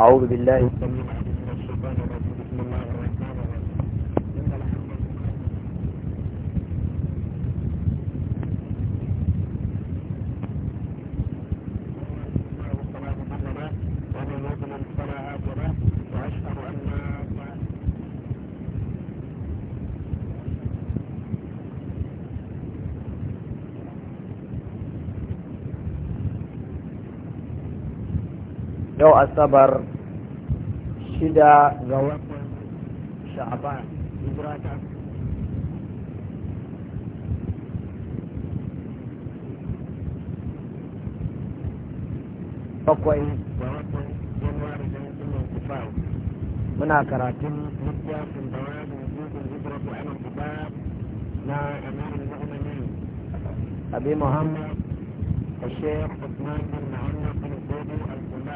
أعوذ بالله yau asabar shida ga watan sha'aban ibrata bakwai ga watan januwari da yankunan kufa muna karatun littafin da wani rubutun ibrata ana kufa na amirin mu'minin abi muhammad a shayar الشيخ عثمان بن محمد بن زيد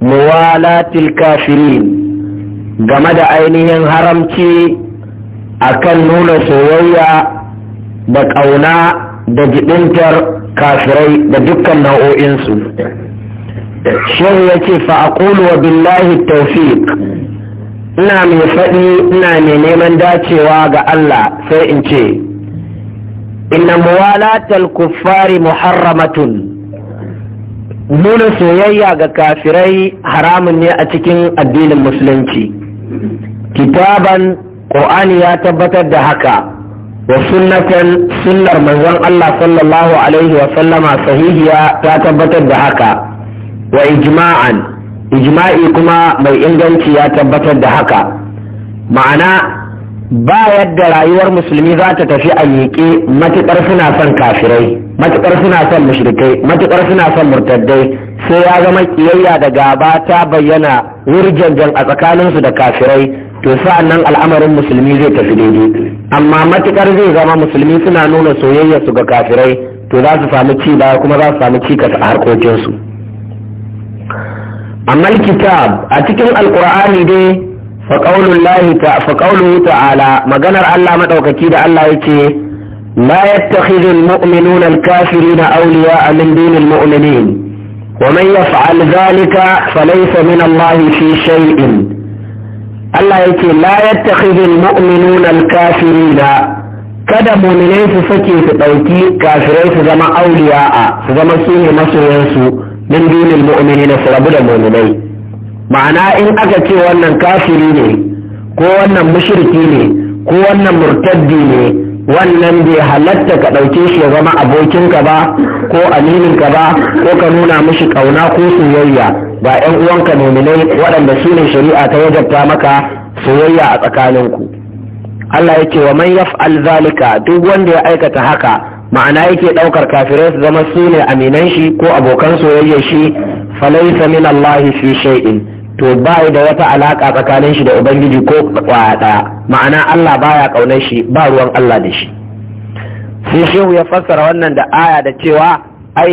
muwalatil kafirin game da ainihin haramci akan nuna soyayya da ƙauna da jibintar kafirai da dukkan nau'o'insu shehu ya ce fa'akulu wa billahi taufiq ina mai faɗi ina mai neman dacewa ga Allah sai in ce inna muwalatal kuffari muharramatun nuna soyayya ga kafirai haramun ne a cikin addinin musulunci kitaban ƙo'ani ya tabbatar da haka wa sunnatan sunnar manzon Allah sallallahu alaihi wa sallama sahihiya ta tabbatar da haka wa ijma'an ijma'i kuma mai inganci ya tabbatar da haka ma'ana ba yadda rayuwar musulmi za ta tafi a miƙe matuƙar suna son kafirai matuƙar suna son mushrikai matuƙar suna son murtaddai sai ya zama ƙiyayya da gaba ta bayyana wurjanjan a tsakaninsu da kafirai to sa'an nan al'amarin musulmi zai tafi daidai amma matuƙar zai zama musulmi suna nuna soyayya su ga kafirai to za su samu ci baya kuma za su samu cikas a harkokinsu amma kitab a cikin alƙur'ani dai faƙaunuhu ta'ala maganar Allah maɗaukaki da Allah ya ce la yattakhidul mu'minuna al-kafirina awliya min dunil mu'minin wa man yaf'al dhalika falaysa min Allah fi shay'in Allah yake la yattakhidul mu'minuna al-kafirina kada mu'minai su sake su ɗauki kafirai su zama auliya'a su zama su masoyansu min dunil mu'minina su rabu da mu'minai ma'ana in aka ce wannan kafiri ne ko wannan mushriki ne ko wannan murtaddi ne wannan bai halatta ka ɗauke shi ya zama abokinka ba ko amininka ba ko ka nuna mishi ƙauna ko soyayya ba 'yan uwanka muminai waɗanda su ne shari'a ta wajabta maka soyayya a tsakaninku Allah ya ce wa man yaf'al zalika duk wanda ya aikata haka ma'ana yake ɗaukar kafirai su zama su ne aminan shi ko abokan soyayya shi falaisa min Allah fi shay'in to ba da wata alaka tsakanin shi da ubangiji ko kwaya daya ma'ana Allah baya kaunar shi ba ruwan Allah da shi sai shehu ya fassara wannan da aya da cewa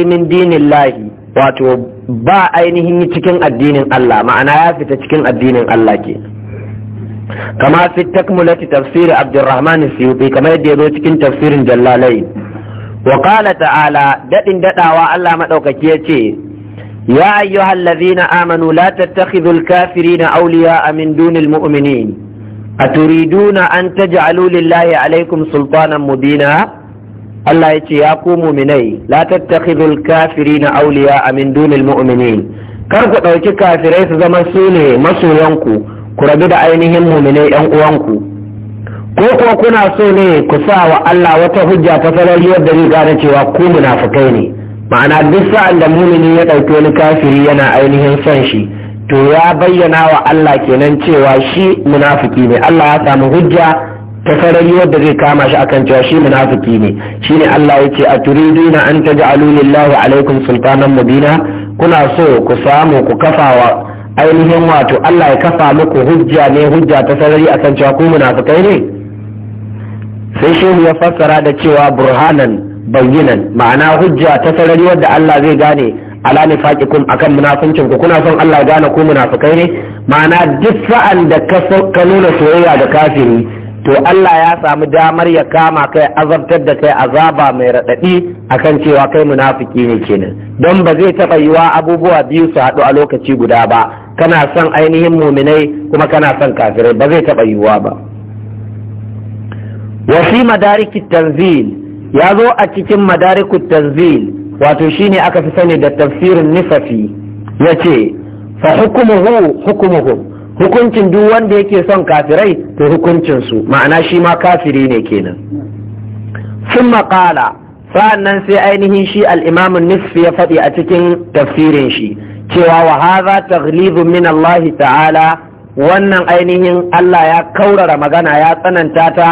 min dinin lahi wato ba ainihin cikin addinin Allah ma'ana ya fita cikin addinin Allah ke kama fi takmulati tafsiri abdurrahman siyuti kamar yadda yazo cikin tafsirin jallalai wa qala ta'ala dadin dadawa Allah madaukaki ce. يا أيها الذين آمنوا لا تتخذوا الكافرين أولياء من دون المؤمنين أتريدون أن تجعلوا لله عليكم سلطانا مبينا الله يتياكم مؤمني لا تتخذوا الكافرين أولياء من دون المؤمنين karku ɗauki kafirai su zama sune ne masoyanku ku rabi da ainihin muminai yan uwanku ko ko kuna so ne ku sa wa Allah wata hujja ta sarari da riga gane cewa ku munafukai ne ma'ana duk sa'an da mumini ya ɗauki wani kafiri yana ainihin son shi to ya bayyana wa Allah kenan cewa shi munafiki ne Allah ya samu hujja ta sarari wadda zai kama shi akan cewa shi munafiki ne shine Allah ya ce a turiduna an ja'alu lillahi alaikum sultanan mubina kuna so ku samu ku kafa wa ainihin wato Allah ya kafa muku hujja ne hujja ta sarari akan cewa ku munafikai ne sai shehu ya fassara da cewa burhanan bayyinan ma'ana hujja ta sarari wadda Allah zai gane ala nifaqikum akan munafincin ku kuna son Allah gane ku munafikai ne ma'ana duk sa'an da ka nuna soyayya da kafiri to Allah ya samu damar ya kama kai azabtar da kai azaba mai raɗaɗi akan cewa kai munafiki ne kenan don ba zai taba yiwa abubuwa biyu su haɗu a lokaci guda ba kana son ainihin muminai kuma kana son kafirai ba zai taba yiwa ba fi madariki tanzil ya zo a cikin madarikut tanzil wato shine aka fi sani da tafsirin nisafi ya ce fa hukumuhu hukumuhu hukuncin duk wanda yake son kafirai to hukuncin su ma'ana shi ma kafiri ne kenan sun maƙala nan sai ainihin shi al'imamin nisfi ya faɗi a cikin tafsirin shi cewa wa haza taghlibun min Allah ta'ala wannan ainihin Allah ya kaurara magana ya tsananta ta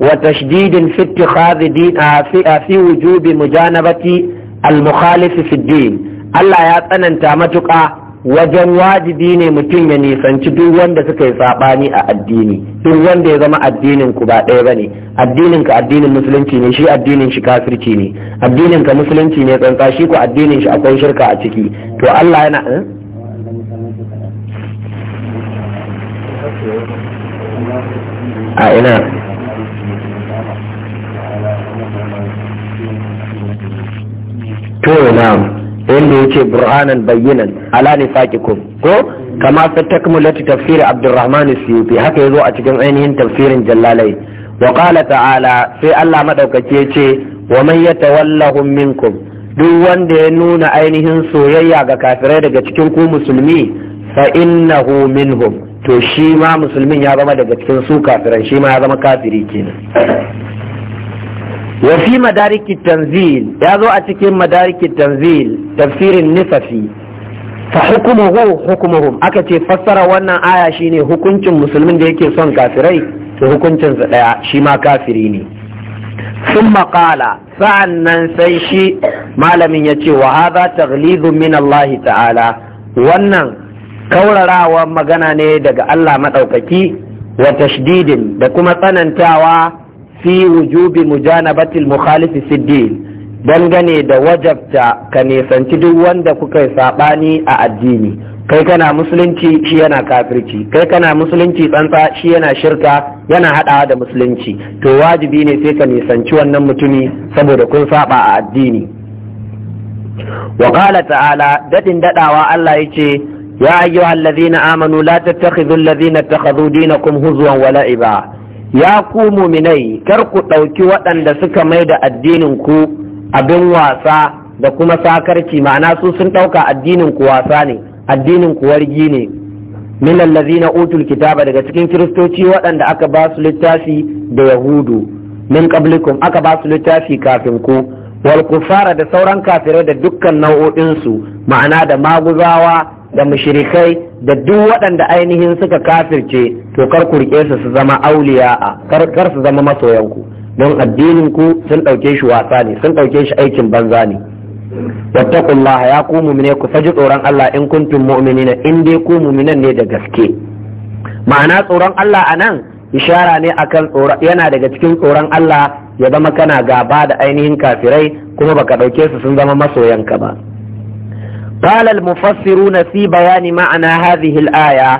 وتشديد في اتخاذ دين في, في وجوب مجانبة المخالف في الدين الله يا tsananta matuka wajen wajibi ne mutum ya nisanci duk wanda suka yi saɓani a addini duk wanda ya zama addinin ba ɗaya bane addinin ka addinin musulunci ne shi addinin shi kafirci ne addinin musulunci ne tsantsa ku addinin shirka a ciki yana a ina to na'am wanda yake burhanan bayyanan ala nifaqikum ko kama ta takmulati tafsir abdurrahman as-suyuti haka yazo a cikin ainihin tafsirin jallalai wa qala ta'ala sai Allah madaukake ce wa man yatawallahum minkum duk wanda ya nuna ainihin soyayya ga kafirai daga cikin ku musulmi fa innahu minhum to shi ma musulmin ya zama daga cikin su kafirai shi ma ya zama kafiri kenan wa fi madariki tanzil ya zo a cikin madariki tanzil tafsirin nisafi fa hukumuhu hukumuhum aka ce fassara wannan aya shine hukuncin musulmin da yake son kafirai to hukuncinsa ɗaya shi ma kafiri ne sun maƙala sa'an nan sai shi malamin ya ce wa haza taglizu min Allah ta'ala wannan kaurarawa magana ne daga Allah maɗaukaki wa tashdidin da kuma tsanantawa fi wujubi mujanabatil mukhalifi siddin dangane da wajabta ka nisanci duk wanda kuka yi sabani a addini kai kana musulunci shi yana kafirci kai kana musulunci tsantsa shi yana shirka yana haɗawa da musulunci to wajibi ne sai ka nisanci wannan mutumi saboda kun saba a addini wa ta'ala dadin dadawa Allah yace ya ayyuhallazina amanu la tattakhidhu na ittakhadhu dinakum huzwan wa la'iba ya ku muminai kar ku ɗauki waɗanda suka mai da addinin ku abin wasa da kuma sakarci ma'ana su sun ɗauka addinin ku wasa ne addinin ku wargi ne min na utul kitaba daga cikin kiristoci waɗanda aka ba su littafi da yahudu min qablikum aka ba su littafi kafin ku wal kufara da sauran kafirai da dukkan nau'o'insu ma'ana da maguzawa da mushrikai da duk waɗanda ainihin suka kafirce to kar ku rike su su zama auliya'a kar kar su zama masoyanku don addinin ku sun ɗauke shi wasa ne sun ɗauke shi aikin banza ne wattaqullah ya ku mu'mine ku faji tsoron Allah in kuntum mu'minina in dai ku mu'minan ne da gaske ma'ana tsoron Allah anan ishara ne akan tsoron yana daga cikin tsoron Allah ya zama kana gaba da ainihin kafirai kuma baka ɗauke su sun zama masoyanka ba قال المفسرون nasi bayani ma'ana هذه الآية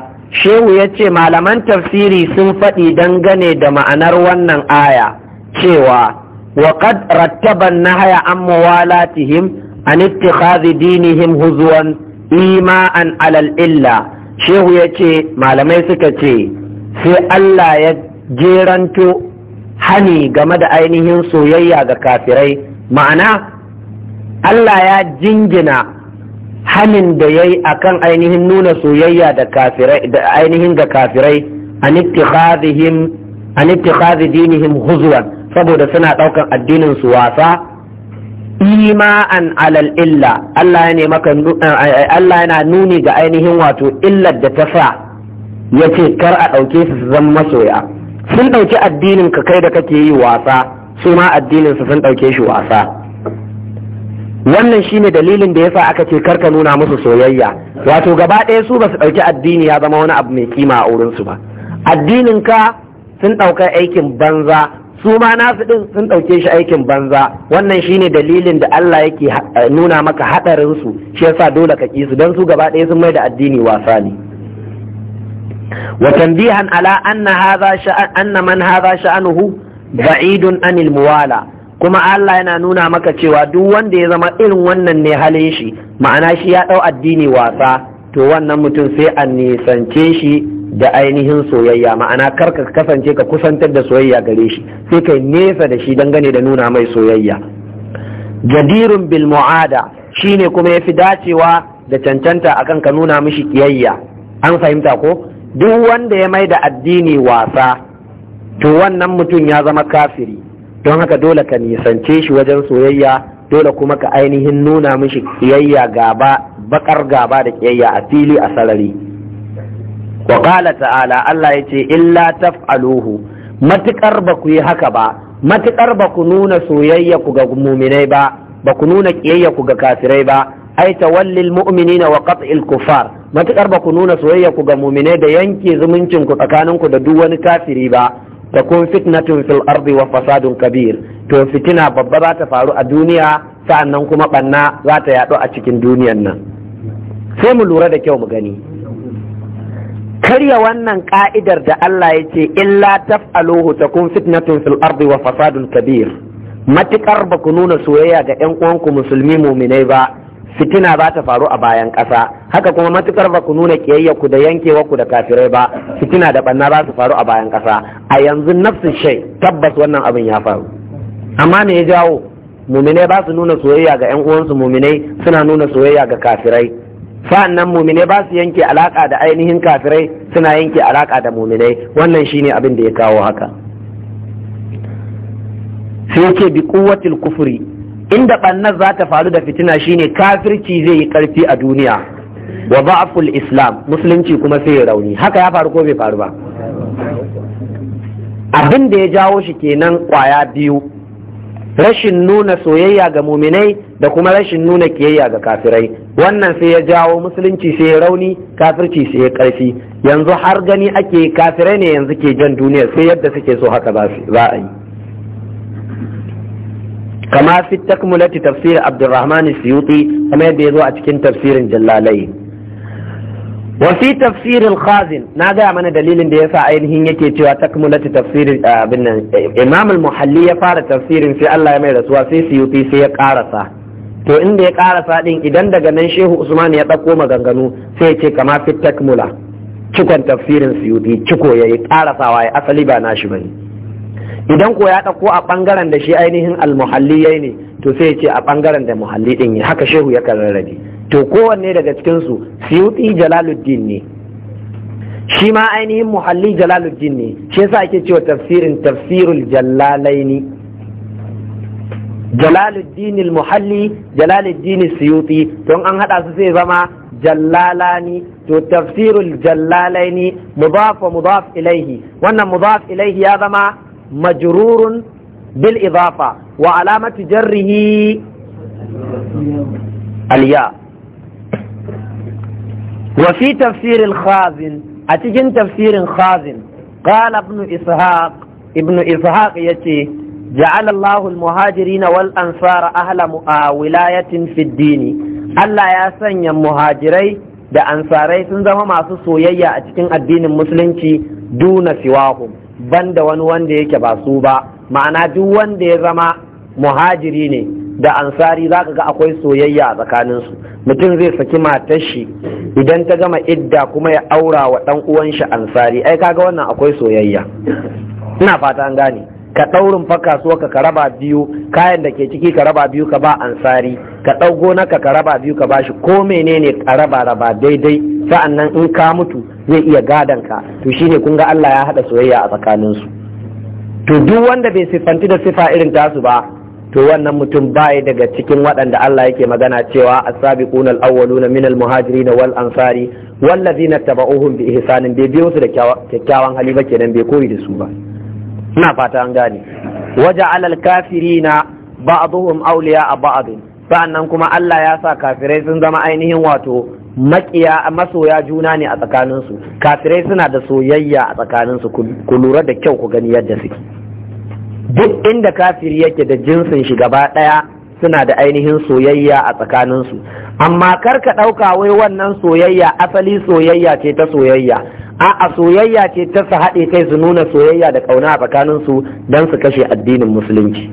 shehu ya ce malaman tafsiri sun faɗi dangane da ma'anar wannan aya cewa waƙad rattaban na haya an muwalatihim an ittikhadhi dinihim huzuwan ima'an alal illa shehu ya ce malamai suka ce sai Allah ya jeranto hani game da ainihin soyayya ga kafirai ma'ana Allah ya jingina Hamin da yayi kan ainihin nuna soyayya da ainihin ga kafirai an ittikhadhihim dinihim saboda suna daukan addinin su wasa ima'an alal illa Allah ya eh, eh, eh, yana nuni ga ainihin wato illar da ta sa yace kar a ɗauke su su zama masoya sun ɗauki addinin ka kai da kake yi wasa su ma addinin su sun ɗauke shi wasa wannan shine dalilin da yasa aka ce karka nuna musu soyayya wato gaba ɗaya su ba su ɗauki addini ya zama wani abu mai kima a wurinsu ba addinin ka sun ɗauka aikin banza su ma nasu ɗin sun ɗauke shi aikin banza wannan shine dalilin da Allah yake eh, nuna maka haɗarin su shi yasa dole ka ƙi su don su gaba ɗaya sun mai da addini wasa ne wa tanbihan ala anna hadha sha'an anna man hadha sha'anuhu ba'idun anil muwala kuma Allah yana nuna maka cewa duk wanda ya zama irin wannan ne halin shi ma'ana shi ya ɗau addini wasa to wannan mutum sai a nisance shi da ainihin soyayya ma'ana kar ka kasance ka kusantar da soyayya gare shi sai kai nesa da shi dangane da nuna mai soyayya jadirun bil mu'ada shine kuma ya fi dacewa da cancanta akan ka nuna mishi kiyayya an fahimta ko duk wanda ya mai da addini wasa to wannan mutum ya zama kafiri don haka dole ka nisance shi wajen soyayya dole kuma ka ainihin nuna mishi kiyayya gaba bakar gaba da kiyayya a fili a sarari wa ta'ala Allah ya ce illa taf'aluhu matukar ba ku yi haka ba matukar ba ku nuna soyayya ku ga muminai ba ba ku nuna kiyayya ku ga kafirai ba ai tawallil mu'minina wa qat'il kufar matukar ba ku nuna soyayya ku ga muminai da yanke zumuncin ku tsakanin ku da duk wani kafiri ba takun fitnatun fil ardi wa fasadun kabir to fitina babba za ta faru a duniya nan kuma banna za ta yaɗu a cikin duniyan nan sai mu lura da kyau mu gani karya wannan ka'idar da Allah ya ce illa taf'aluhu takun fitnatun fil ardi wa fasadun kabir matukar ba ku nuna soyayya ga 'yan uwanku musulmi muminai ba fitina za ta faru a bayan ƙasa haka kuma matukar ba ku nuna ku da ku da kafirai ba fitina da ɓanna za su faru a bayan ƙasa a yanzu nafsin shai tabbas wannan abin ya faru amma me ya jawo muminai ba su nuna soyayya ga yan uwansu muminai suna nuna soyayya ga kafirai sa'annan muminai ba su yanke alaka da ainihin kafirai suna yanke alaka da muminai wannan shine abin da ya kawo haka sai yake bi kuwatil kufuri inda bannan za ta faru da fitina shine kafirci zai yi karfi a duniya wa ba'ful islam musulunci kuma sai ya rauni haka ya faru ko bai faru ba abin da ya jawo shi kenan kwaya biyu rashin nuna soyayya ga muminai da kuma rashin nuna kiyayya ga kafirai wannan sai ya jawo musulunci sai ya rauni kafirci sai ya karfi yanzu har gani ake kafirai ne yanzu ke jan duniya sai yadda suke so haka za a yi kama fi takmulati tafsir abdurrahman suyuti kama yadda ya zo a cikin tafsirin jallalai wa tafsirin tafsir khazin na gaya mana dalilin da yasa ainihin yake cewa takmulati tafsir abin nan imam al-muhalli ya fara tafsirin sai Allah ya mai rasuwa sai suyuti sai ya karasa to inda ya karasa din idan daga nan shehu usman ya dauko maganganu sai ya ce kama fi takmula cikon tafsirin suyuti ciko yayi karasawa ya asali ba na shi bane idan ko ya ɗauko a ɓangaren da shi ainihin almuhalli ya ne to sai ce a ɓangaren da muhalli ɗin ya haka shehu ya rarrabe to kowanne daga cikinsu siyuti jalaluddin ne shi ma ainihin muhalli jalaluddin ne shi yasa ake cewa tafsirin tafsirul jallalaini jalaluddin muhalli jalaluddin siyuti don an haɗa su sai zama jallalani to tafsirul jallalaini mudaf wa mudaf ilaihi wannan mudaf ilaihi ya zama majrurun bil idafa wa alamatu jarrihi aliya wa fi a cikin tafsirin khazin qala ibn ishaq ibn ishaq yace ja'ala Allahu al-muhajirin wal ansara ahla wilayatin fid Allah ya sanya muhajirai da ansarai sun zama masu soyayya a cikin addinin musulunci duna siwahu. banda wani wanda yake ba su ba ma'ana duk wanda ya zama muhajiri ne da ansari za ka ga akwai soyayya a tsakaninsu mutum zai saki matar shi idan ta gama idda kuma ya aura wa dan uwan shi ansari ai kaga wannan akwai soyayya ina fata an gane ka ɗaurin fa kasuwa ka raba biyu kayan da ke ciki ka raba biyu ka ba ansari ka ɗau gona ka raba biyu ka ba shi. ko menene ka raba raba daidai sa'annan in ka mutu zai iya gadon ka to shine kun ga Allah ya haɗa soyayya a tsakaninsu to duk wanda bai siffanti da sifa irin tasu ba to wannan mutum baya daga cikin waɗanda Allah yake magana cewa as-sabiquna al-awwaluna min al-muhajirin wal ansari wallazina taba'uhum bi ihsanin bai biyo su da kyakkyawan hali ba kenan bai koyi da su ba ina fata an gane waja'ala al-kafirina ba'dhum awliya ba'd sa'annan kuma Allah ya sa kafirai sun zama ainihin wato Maƙiya masoya juna ne a tsakaninsu kafirai suna da soyayya a tsakaninsu ku lura da kyau ku gani yadda suke duk inda kafiri yake da jinsin shi gaba ɗaya suna da ainihin soyayya a tsakaninsu amma kar ka ɗauka wai wannan soyayya asali soyayya ce ta soyayya a'a soyayya ce ta su haɗe kai su nuna soyayya da ƙauna a tsakaninsu don su kashe addinin musulunci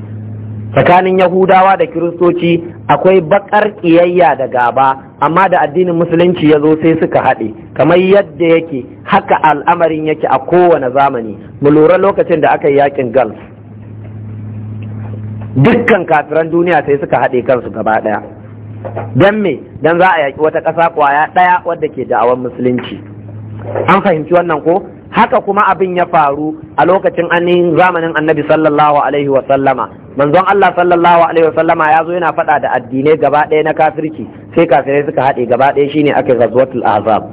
tsakanin yahudawa da kiristoci akwai bakar ƙiyayya da gaba amma da addinin musulunci ya zo sai suka haɗe kamar yadda yake haka al'amarin yake a kowane zamani mu lura lokacin da aka yi yakin gulf dukkan kafiran duniya sai suka haɗe kansu gaba ɗaya don me don za a yaƙi wata ƙasa ƙwaya ɗaya wadda ke da'awar musulunci an fahimci wannan ko haka kuma abin ya faru a lokacin zamanin annabi sallallahu alaihi wa sallama. manzon Allah sallallahu alaihi wasallama ya zo yana faɗa da addinai gaba ɗaya na kafirci sai kafirai suka haɗe gaba ɗaya shine aka ghazwatul azab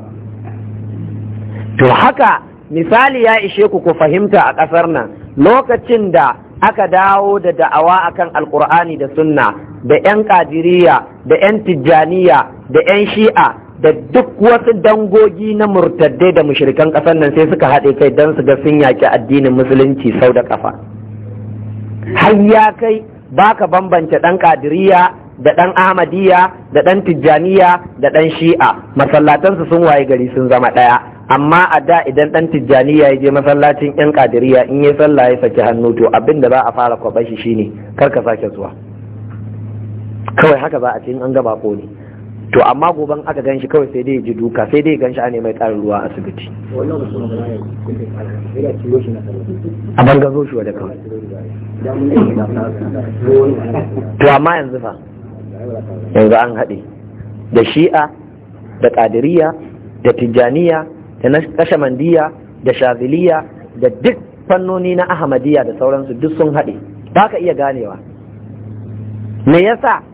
to haka misali ya ishe ku ku fahimta a ƙasar nan lokacin da aka dawo da da'awa akan alkur'ani da sunna da 'yan kadiriya da 'yan tijjaniya da 'yan shi'a da duk wasu dangogi na murtaddai da mushrikan ƙasar nan sai suka haɗe kai don su ga sun yaƙi addinin musulunci sau da ƙafa. har ya kai ka bambance ɗan ƙadiriya, da ɗan ahmadiyya da ɗan tijjaniya da ɗan shi'a masallatansu sun waye gari sun zama ɗaya amma a da idan ɗan tijjaniya ya je masallacin ƴan ƙadiriya, in ya sallah ya saki hannu to abin da za a fara kwaɓa shi shine kar ka sake zuwa kawai haka za a ce in an gaba ko ne to amma goban aka gan shi kawai sai dai ji duka sai dai gan shi a mai tsarin ruwa a asibiti a bangazo shi wadda kawai to amma yanzu fa yanzu an haɗe da shi'a da ƙadiriya da tijjaniya da da shaziliya da duk fannoni na ahmadiyya da sauransu duk sun haɗe ba ka iya ganewa me yasa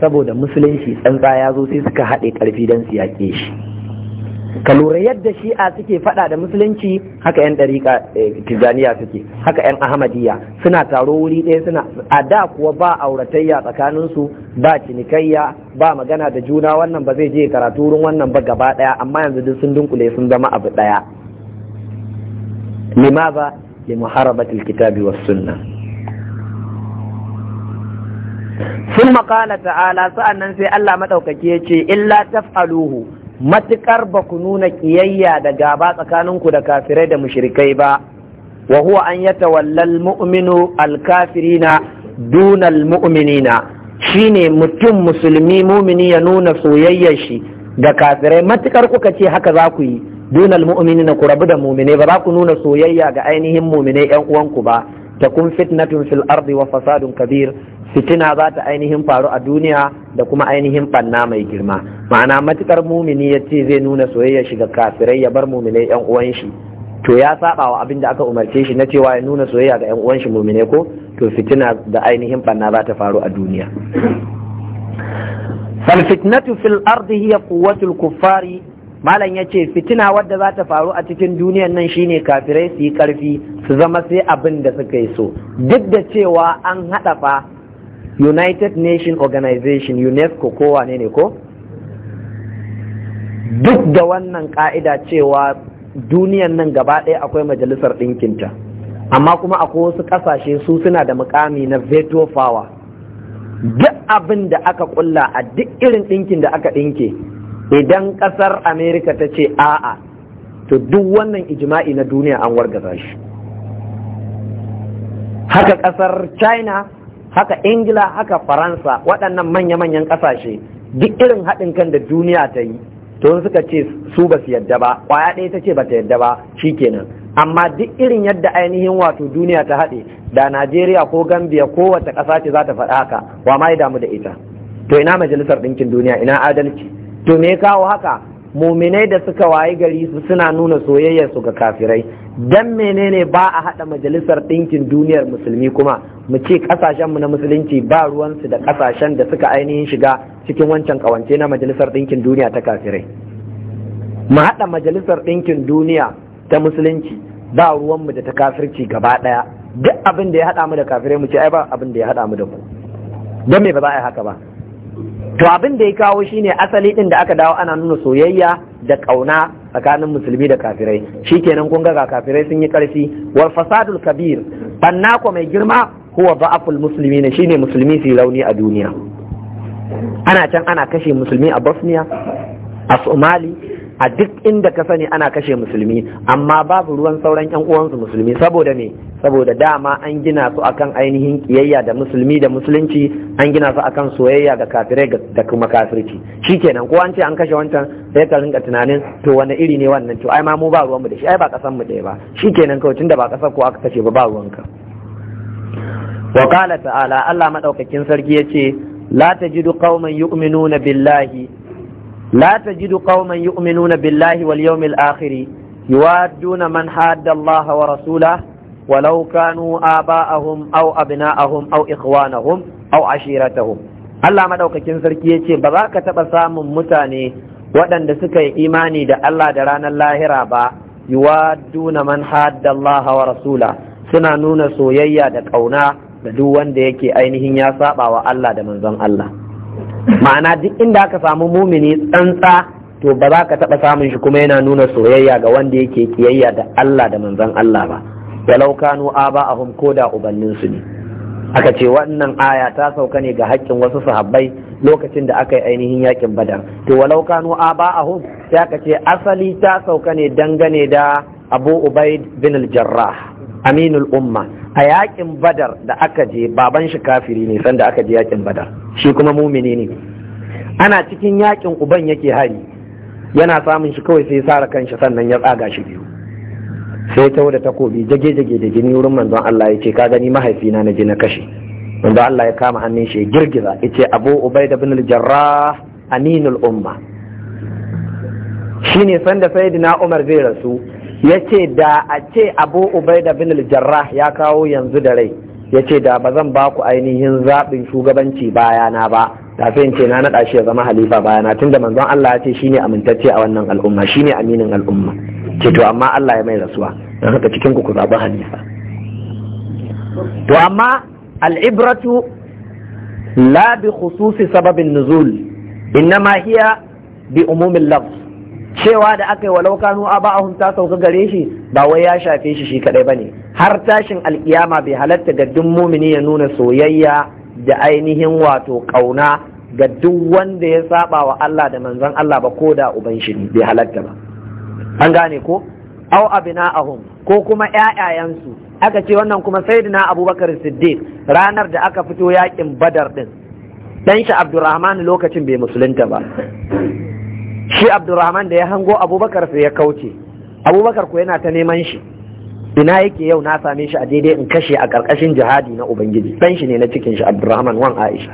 saboda musulunci tsantsa ya zo sai suka haɗe ƙarfi don su yaƙe shi ka lura yadda shi'a suke faɗa da musulunci haka 'yan ɗariƙa eh, tijaniya suke haka 'yan ahmadiyya suna taro wuri ɗaya suna a da kuwa ba auratayya tsakaninsu ba cinikayya ba magana da juna wannan ba zai je karatu wurin wannan ba gaba ɗaya amma yanzu duk sun dunkule sun zama abu ɗaya limaza li kitabi was sunnah sun maƙala ta'ala sa'an nan sai Allah maɗaukaki ya ce illa taf'aluhu matuƙar ba ku nuna ƙiyayya da gaba tsakaninku da kafirai da mushrikai ba wa huwa an ya tawallal mu'minu alkafirina dunal mu'minina shine mutum musulmi mumini ya nuna soyayyar shi Da kafirai matuƙar kuka ce haka za ku yi dunal mu'minina ku rabu da muminai ba za ku nuna soyayya ga ainihin muminai yan uwanku ba takun fitnatun fil ardi wa fasadun kabir fitina za ta ainihin faru a duniya da kuma ainihin banna mai girma ma'ana matukar mumini ya ce zai nuna soyayya shiga kafirai ya bar muminai yan uwan shi to ya saba wa abin da aka umarce shi na cewa ya nuna soyayya ga yan uwan shi muminai ko to fitina da ainihin banna za ta faru a duniya fitnatu fil ardi hiya quwwatul kuffari malam ya ce fitina wadda za ta faru a cikin duniyar nan shine kafirai su yi karfi su zama sai abin da suka yi so duk da cewa an haɗa fa united nation organization unesco ko wane ne ko duk da wannan ka'ida cewa duniyan nan gaba ɗaya akwai majalisar ɗinkinta amma kuma akwai wasu ƙasashe su suna da mukami na veto power duk abin da aka ƙulla a duk irin ɗinkin da aka ɗinke idan ƙasar amerika ta ce a'a to duk wannan ijima'i na duniya an wargaza shi haka ƙasar china haka ingila haka faransa waɗannan manya-manyan ƙasashe duk irin haɗin kan da duniya ta yi to suka ce su ba su yadda ba kwaya ɗaya ta ce ba ta yadda ba shi kenan amma duk irin yadda ainihin wato duniya ta haɗe da najeriya ko gambia ko wata ƙasa ce za ta faɗa haka wa ma ya damu da ita to ina majalisar ɗinkin duniya ina adalci to me kawo haka muminai da suka wayi gari su suna nuna soyayyar su ga kafirai dan menene ba a hada majalisar ɗinkin duniyar musulmi kuma mu ce kasashen mu na musulunci ba ruwan su da kasashen da suka ainihin shiga cikin wancan kawance na majalisar ɗinkin duniya ta kafirai mu hada majalisar ɗinkin duniya ta musulunci ba ruwan mu da ta kafirci gaba daya duk abin da ya hada mu da kafirai mu ce ai ba abin da ya hada mu da ku dan me ba za a yi haka ba to abin da ya kawo shine asali ɗin da aka dawo ana nuna soyayya da ƙauna tsakanin musulmi da kafirai shikenan kun ga kafirai sun yi karfi wal fasadul kabir banna ko mai girma huwa musulmi ne shine musulmi su yi rauni a duniya ana can ana kashe musulmi a bosnia a somali a duk inda ka sani ana kashe musulmi amma babu ruwan sauran yan uwansu musulmi saboda me saboda dama an gina su akan ainihin kiyayya da musulmi da musulunci an gina su akan soyayya ga kafirai da kuma kafirci shikenan ko an ce an kashe wancan sai ka rinka tunanin to wani iri ne wannan to ai ma mu ba ruwan mu da shi ai ba kasan mu da ba shikenan kawai tunda ba kasar ko aka kashe ba ba ruwanka wa qala ta'ala Allah madaukakin sarki yace la tajidu qauman yu'minuna billahi la tajidu qauman yu'minuna billahi wal yawmil akhir yuwadduna man hadda Allah wa rasulahu walau kanu aba'ahum aw abna'ahum aw ikhwanahum aw ashiratahum Allah madaukakin sarki ce ba za ka taɓa samun mutane waɗanda suka yi imani da Allah da ranar lahira ba yuwadduna man hadda Allah wa rasula suna nuna soyayya da ƙauna da duk wanda yake ainihin ya saba wa Allah da manzon Allah ma'ana duk inda aka samu mumini tsantsa to ba za ka taɓa samun shi kuma yana nuna soyayya ga wanda yake kiyayya da Allah da manzon Allah ba walau kanu aba'ahum ko da ubannin ne aka ce wannan aya ta sauka ne ga haƙƙin wasu sahabbai lokacin da aka yi ainihin yakin badar to walau kanu aba'ahum sai aka ce asali ta sauka ne dangane da Abu Ubaid bin al aminul umma a yakin badar da aka je baban shi kafiri ne sanda aka je yakin badar shi kuma mumini ne ana cikin yakin uban yake hari yana samun shi kawai sai sara kanshi sannan ya tsaga shi biyu sai ta da takobi jage jage da jini wurin manzon Allah ya ce ka gani mahaifina na ji na kashe manzon Allah ya kama hannun shi ya girgiza ya ce Abu Ubaida bin jarra jarrah aminul umma shine sanda sayyidina Umar zai rasu ya ce da a ce Abu Ubaida da binul jarrah ya kawo yanzu da rai ya ce da ba zan ba ku ainihin zaɓin shugabanci bayana ba da sai ce na naɗa shi ya zama halifa bayana tunda manzon Allah ya ce shine amintacce a wannan al'umma ne aminin al'umma ce to amma Allah ya mai rasuwa don haka cikin ku ku zaɓi halifa to amma al'ibratu la bi khususi sababin nuzul innama hiya bi umumin lafz cewa da aka yi wa walau kanu a ta sauka gare shi ba wai ya shafe shi shi kadai bane har tashin alkiyama bai halatta ga duk mumini ya nuna soyayya da ainihin wato kauna ga duk wanda ya saba wa Allah da manzon Allah ba ko da uban shi bai halatta ba an gane ko aw abina'ahum ko kuma ƴaƴayansu aka ce wannan kuma sayyidina Abubakar Siddiq ranar da aka fito yakin Badar din dan shi Abdurrahman lokacin bai musulunta ba shi abdurrahman da ya hango abubakar sai ya kauce abubakar ko yana ta neman shi ina yake yau na same shi a daidai in kashe a karkashin jihadi na ubangiji dan shi ne na cikin shi abdurrahman wan aisha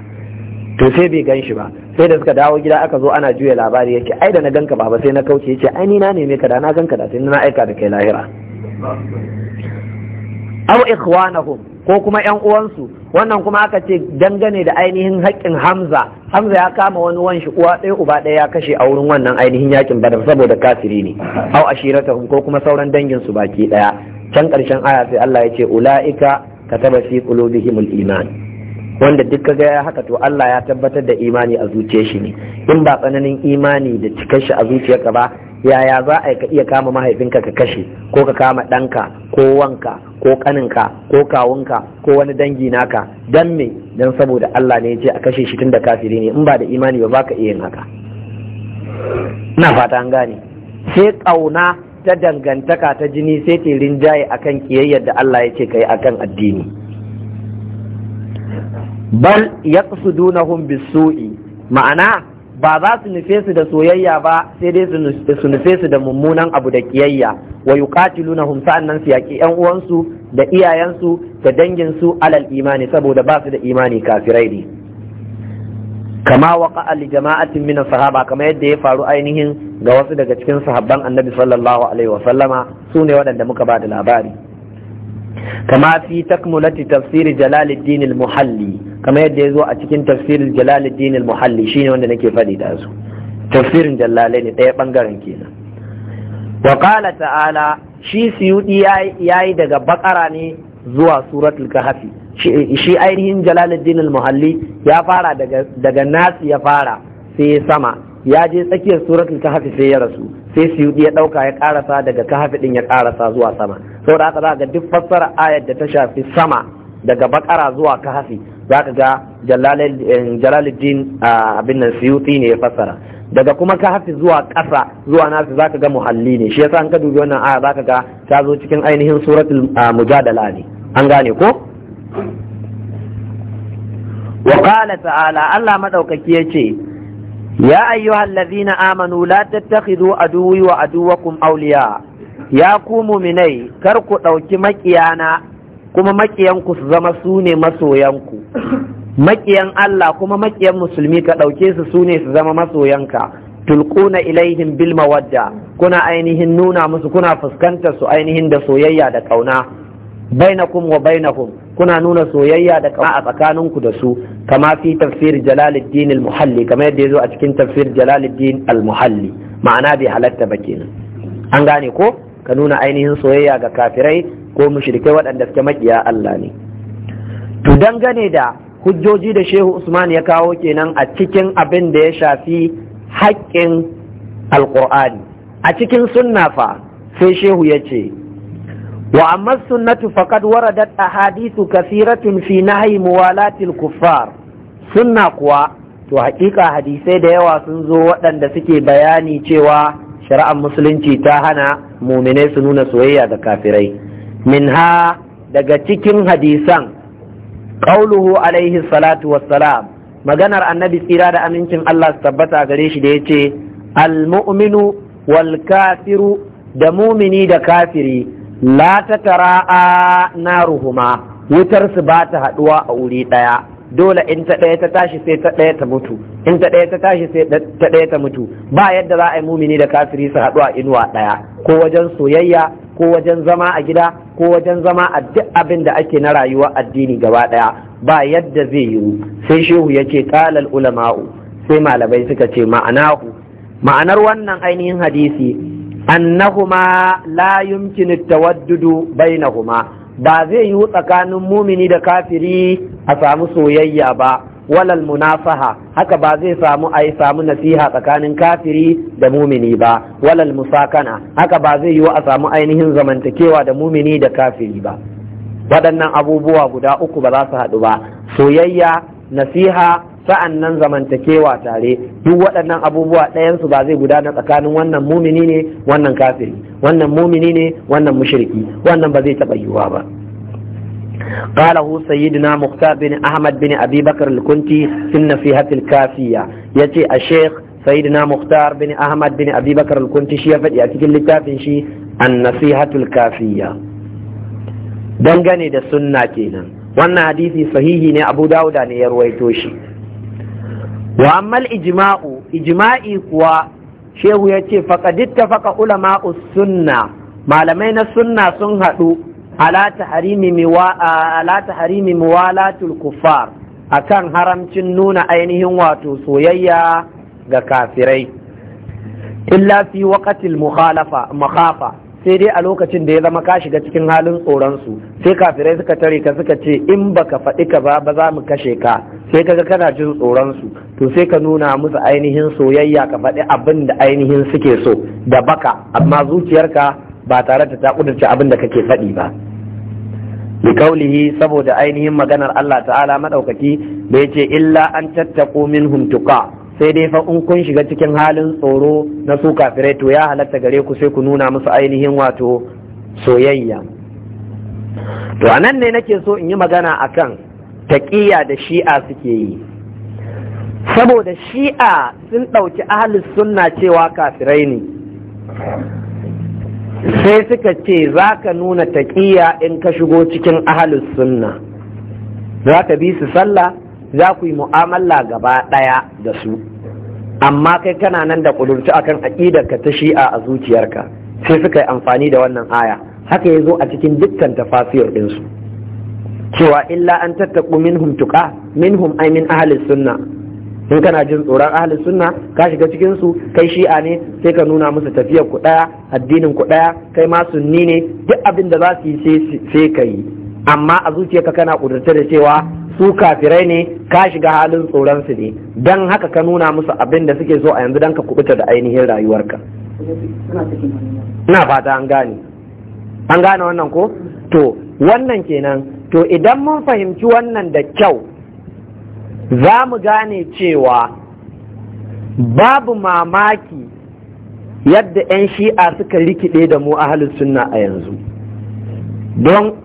to sai bai gan shi ba sai da suka dawo gida aka zo ana juya labari yake ai da na ganka baba sai na kauce yace ai ni na neme ka da na ganka da sai na aika da kai lahira aw ikhwanahum ko kuma yan uwansu wannan kuma aka ce dangane da ainihin haƙƙin hamza hamza ya kama wani wanshi uwa ɗaya uba ɗaya ya kashe a wurin wannan ainihin yakin badar saboda kafiri ne au ashirata ko kuma sauran dangin su baki ɗaya can ƙarshen aya sai Allah ya ce ula'ika kataba fi qulubihimul iman wanda duk kaga ya haka to Allah ya tabbatar da imani a zuciyar shi ne in ba tsananin imani da cikar shi a zuciyarka ba yaya za a ka iya kama mahaifinka ka kashe ko ka kama ɗanka ko wanka ko ƙaninka ko kawunka ko wani dangi naka dan me dan saboda Allah ne ya ce a kashe shi tunda kafiri ne in ba da imani ba baka iya yin haka ina fata an gane sai ƙauna ta dangantaka ta jini sai ta rinjaye akan kiyayyar da Allah ya ce kai akan addini bal yaqsudunahum bisu'i ma'ana ba za su nufe su da soyayya ba sai dai su nufe su da mummunan abu da kiyayya wa yuqatilunahum sa'annan su yaki yan uwansu da iyayensu da dangin su alal imani saboda ba su da imani kafirai ne kama waqa al jama'atin min sahaba kama yadda ya faru ainihin ga wasu daga cikin sahabban annabi sallallahu alaihi wa sallama sune waɗanda muka ba da labari kama fi takmulati tafsir muhalli kama yadda yazo a cikin tafsirin jalaluddin al-muhalli shine wanda nake faɗi da su tafsirin jallalai ne ɗaya bangaren kenan wa ta'ala shi suyudi yayi daga bakara ne zuwa suratul kahfi shi ainihin jalaluddin al-muhalli ya fara daga daga nasi ya fara sai sama ya je tsakiyar suratul kahfi sai ya rasu sai suyudi ya dauka ya karasa daga kahfi din ya karasa zuwa sama saboda haka za ga duk fassara ayar da ta shafi sama daga bakara zuwa kahfi za ka ga jalaluddin eh, ah, abin nan suyuti ne ya fassara daga kuma ka zuwa ƙasa zuwa nasu zaka ga muhalli ne shi yasa an ka dubi wannan aya zaka ga ta zo cikin ainihin suratul ah, mujadala ne an gane ko wa qala ta'ala Allah madaukaki yace ya ayyuhal ladhina amanu la tattakhidhu aduwwi wa aduwwakum awliya ya ku muminai kar ku ɗauki makiyana kuma makiyanku su zama su ne masoyanku makiyan Allah kuma makiyan musulmi ka ɗauke su su ne su zama masoyanka tulquna ilaihim bil mawadda kuna ainihin nuna musu kuna fuskantar su ainihin da soyayya da kauna bainakum wa bainakum kuna nuna soyayya da kama a tsakaninku da su kama fi tafsir jalaluddin al-muhalli kamar yadda yazo a cikin tafsir jalaluddin al-muhalli ma'ana bai halatta ba kenan an gane ko ka nuna ainihin soyayya ga kafirai ko mushrikai waɗanda suke makiya Allah ne to dangane da hujjoji da Shehu Usman ya kawo kenan a cikin abin da ya shafi haƙƙin alƙur'ani a cikin sunna fa sai Shehu ya ce wa amma sunnatu faqad waradat ahadithu kathiratun fi nahyi muwalatil kuffar sunna kuwa to hakika hadisai da yawa sun zo waɗanda suke bayani cewa shari'ar musulunci ta hana muminai su nuna soyayya ga kafirai minha daga cikin hadisan qauluhu alaihi salatu wassalam maganar annabi tsira da amincin Allah su tabbata gare shi da yace al-mu'minu wal da mumini da kafiri la ta tara'a naruhuma wutar su ba ta haduwa a wuri daya dole in ta ɗaya ta tashi sai ta ɗaya ta mutu in ta ta tashi sai ta ta mutu ba yadda za a yi mumini da kafiri su haɗu a inuwa ɗaya ko wajen soyayya ko wajen zama a gida ko wajen zama a duk abin da ake na rayuwa addini gaba ɗaya ba yadda zai yiwu sai shehu ya ce ulama sai malamai suka ce ma'anahu ma'anar wannan ainihin hadisi annahuma la yumkinu tawaddudu bainahuma ba zai yi tsakanin mumini da kafiri a samu soyayya ba walal munafaha haka ba zai samu ai samu nasiha tsakanin kafiri da mumini ba walal musakana haka ba zai yi a samu ainihin zamantakewa da mumini da kafiri ba waɗannan abubuwa guda uku ba za su haɗu ba soyayya nasiha sa'an nan zamantakewa tare duk waɗannan abubuwa ɗayansu ba zai gudana tsakanin wannan mumini ne wannan kafiri wannan mumini ne wannan mushriki wannan ba zai taɓa yiwuwa ba قاله سيدنا مختار بن أحمد بن أبي بكر الكنتي في النصيحة الكافية يتي الشيخ سيدنا مختار بن أحمد بن أبي بكر الكنتي شيفت يأتيك اللي شي النصيحة الكافية dangane da sunna kenan wannan hadisi sahihi ne abu dauda ne ya ruwaito shi wa ammal ijma'u ijma'i kuwa shehu ya ce faƙaditta faƙa ulama'u sunna malamai na sunna sun haɗu ala taharimi muwalatul a kan haramcin nuna ainihin wato soyayya ga kafirai illa fi waƙatil mukhalafa sai dai a lokacin da ya zama ka shiga cikin halin tsoronsu sai kafirai suka tare ka suka ce in baka faɗi ka ba ba za mu kashe ka sai kaga kana jin tsoronsu to sai ka nuna musu ainihin soyayya ka faɗi abin da ainihin suke so da baka amma zuciyarka ba tare da ta kudurce abin da kake faɗi ba likaulihi saboda ainihin maganar Allah ta'ala madaukaki da ce illa an tattaqu minhum tuqa sai dai fa in kun shiga cikin halin tsoro na su kafirai to ya halatta gare ku sai ku nuna musu ainihin wato soyayya to anan ne nake so in yi magana akan taƙiyya da shi'a suke yi saboda shi'a sun ɗauki ahalus sunna cewa kafirai ne sai suka ce za ka nuna taƙiyya in ka shigo cikin ahalus sunna za ka bi su sallah za ku yi mu'amala gaba ɗaya da su amma kai kana nan da ƙudurci akan ka ta shi'a a zuciyarka sai suka yi amfani da wannan aya haka ya zo a cikin dukkan tafasiyar ɗinsu cewa illa an tattaku minhum tuqa minhum ai min ahli sunna in kana jin tsoron ahli sunna ka shiga cikin su kai shi'a ne sai ka nuna musu tafiyar ku ɗaya, addinin ku ɗaya, kai ma sunni ne duk abin da za su yi sai ka yi amma a zuciyarka kana kudurta da cewa su kafirai ne ka shiga halin tsoron su ne dan haka ka nuna musu abin da suke so a yanzu dan ka kubuta da ainihin rayuwarka ina fata an gane an gane wannan ko to wannan kenan to idan mun fahimci wannan da kyau za mu gane cewa babu mamaki yadda 'yan shi'a suka rikide da mu a halin sunna a yanzu don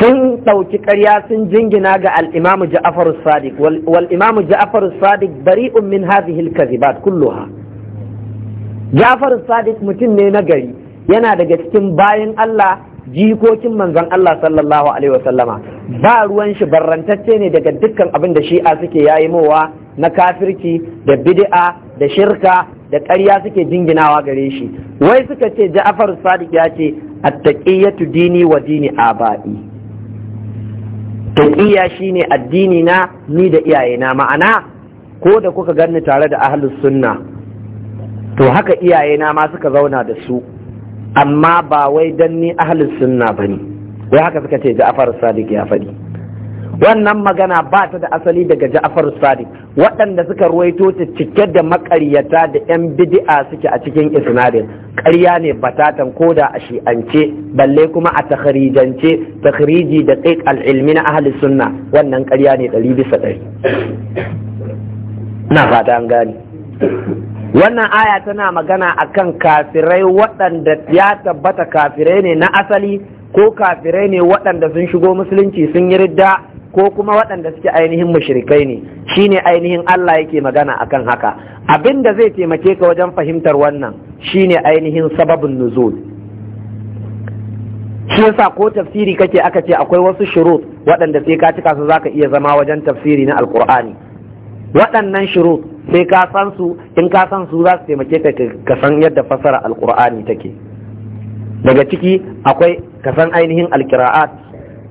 sun ɗauki ƙarya sun jingina ga al'imamu ja'afar sadiq wal imamu ja'afar sadiq bari'un min hadhihi al kullu kulluha ja'afar sadiq mutum ne na gari yana daga cikin bayan Allah jikokin manzon Allah sallallahu alaihi wasallama ba ruwan shi barrantacce ne daga dukkan abin da shi'a suke yayi mowa na kafirci da bid'a da shirka da ƙarya suke jinginawa gare shi wai suka ce ja'afar sadiq ya ce at dini wa dini a aba'i shi ne addini na ni da iyayena ma'ana ko da kuka ganni tare da ahlus sunna to haka iyayena ma suka zauna da su amma ba wai dan ni ahlus sunna bane wai haka suka ce Ja'far Sadiq ya faɗi wannan magana ba ta da asali daga Ja'far Sadiq waɗanda suka ruwaito ta cike da makaryata da 'yan bidi'a suke a cikin isnadin ƙarya ne batatan ko da a shi'ance balle kuma a takhrijance takhriji da tsiq al'ilmi na ahli sunna wannan ƙarya ne ɗari bisa ɗari na fata an gane wannan aya tana magana akan kafirai waɗanda ya tabbata kafirai ne na asali ko kafirai ne waɗanda sun shigo musulunci sun yi ridda ko kuma waɗanda suke ainihin mushrikai ne shine ainihin Allah yake magana akan haka abin da zai taimake ka wajen fahimtar wannan shine ainihin sababin nuzul shi yasa ko tafsiri kake aka ce akwai wasu shirut waɗanda sai ka cika su zaka iya zama wajen tafsiri na alkur'ani waɗannan shirut sai ka san su in ka san su za su taimake ka ka san yadda fasara alkur'ani take daga ciki akwai ka san ainihin alkira'at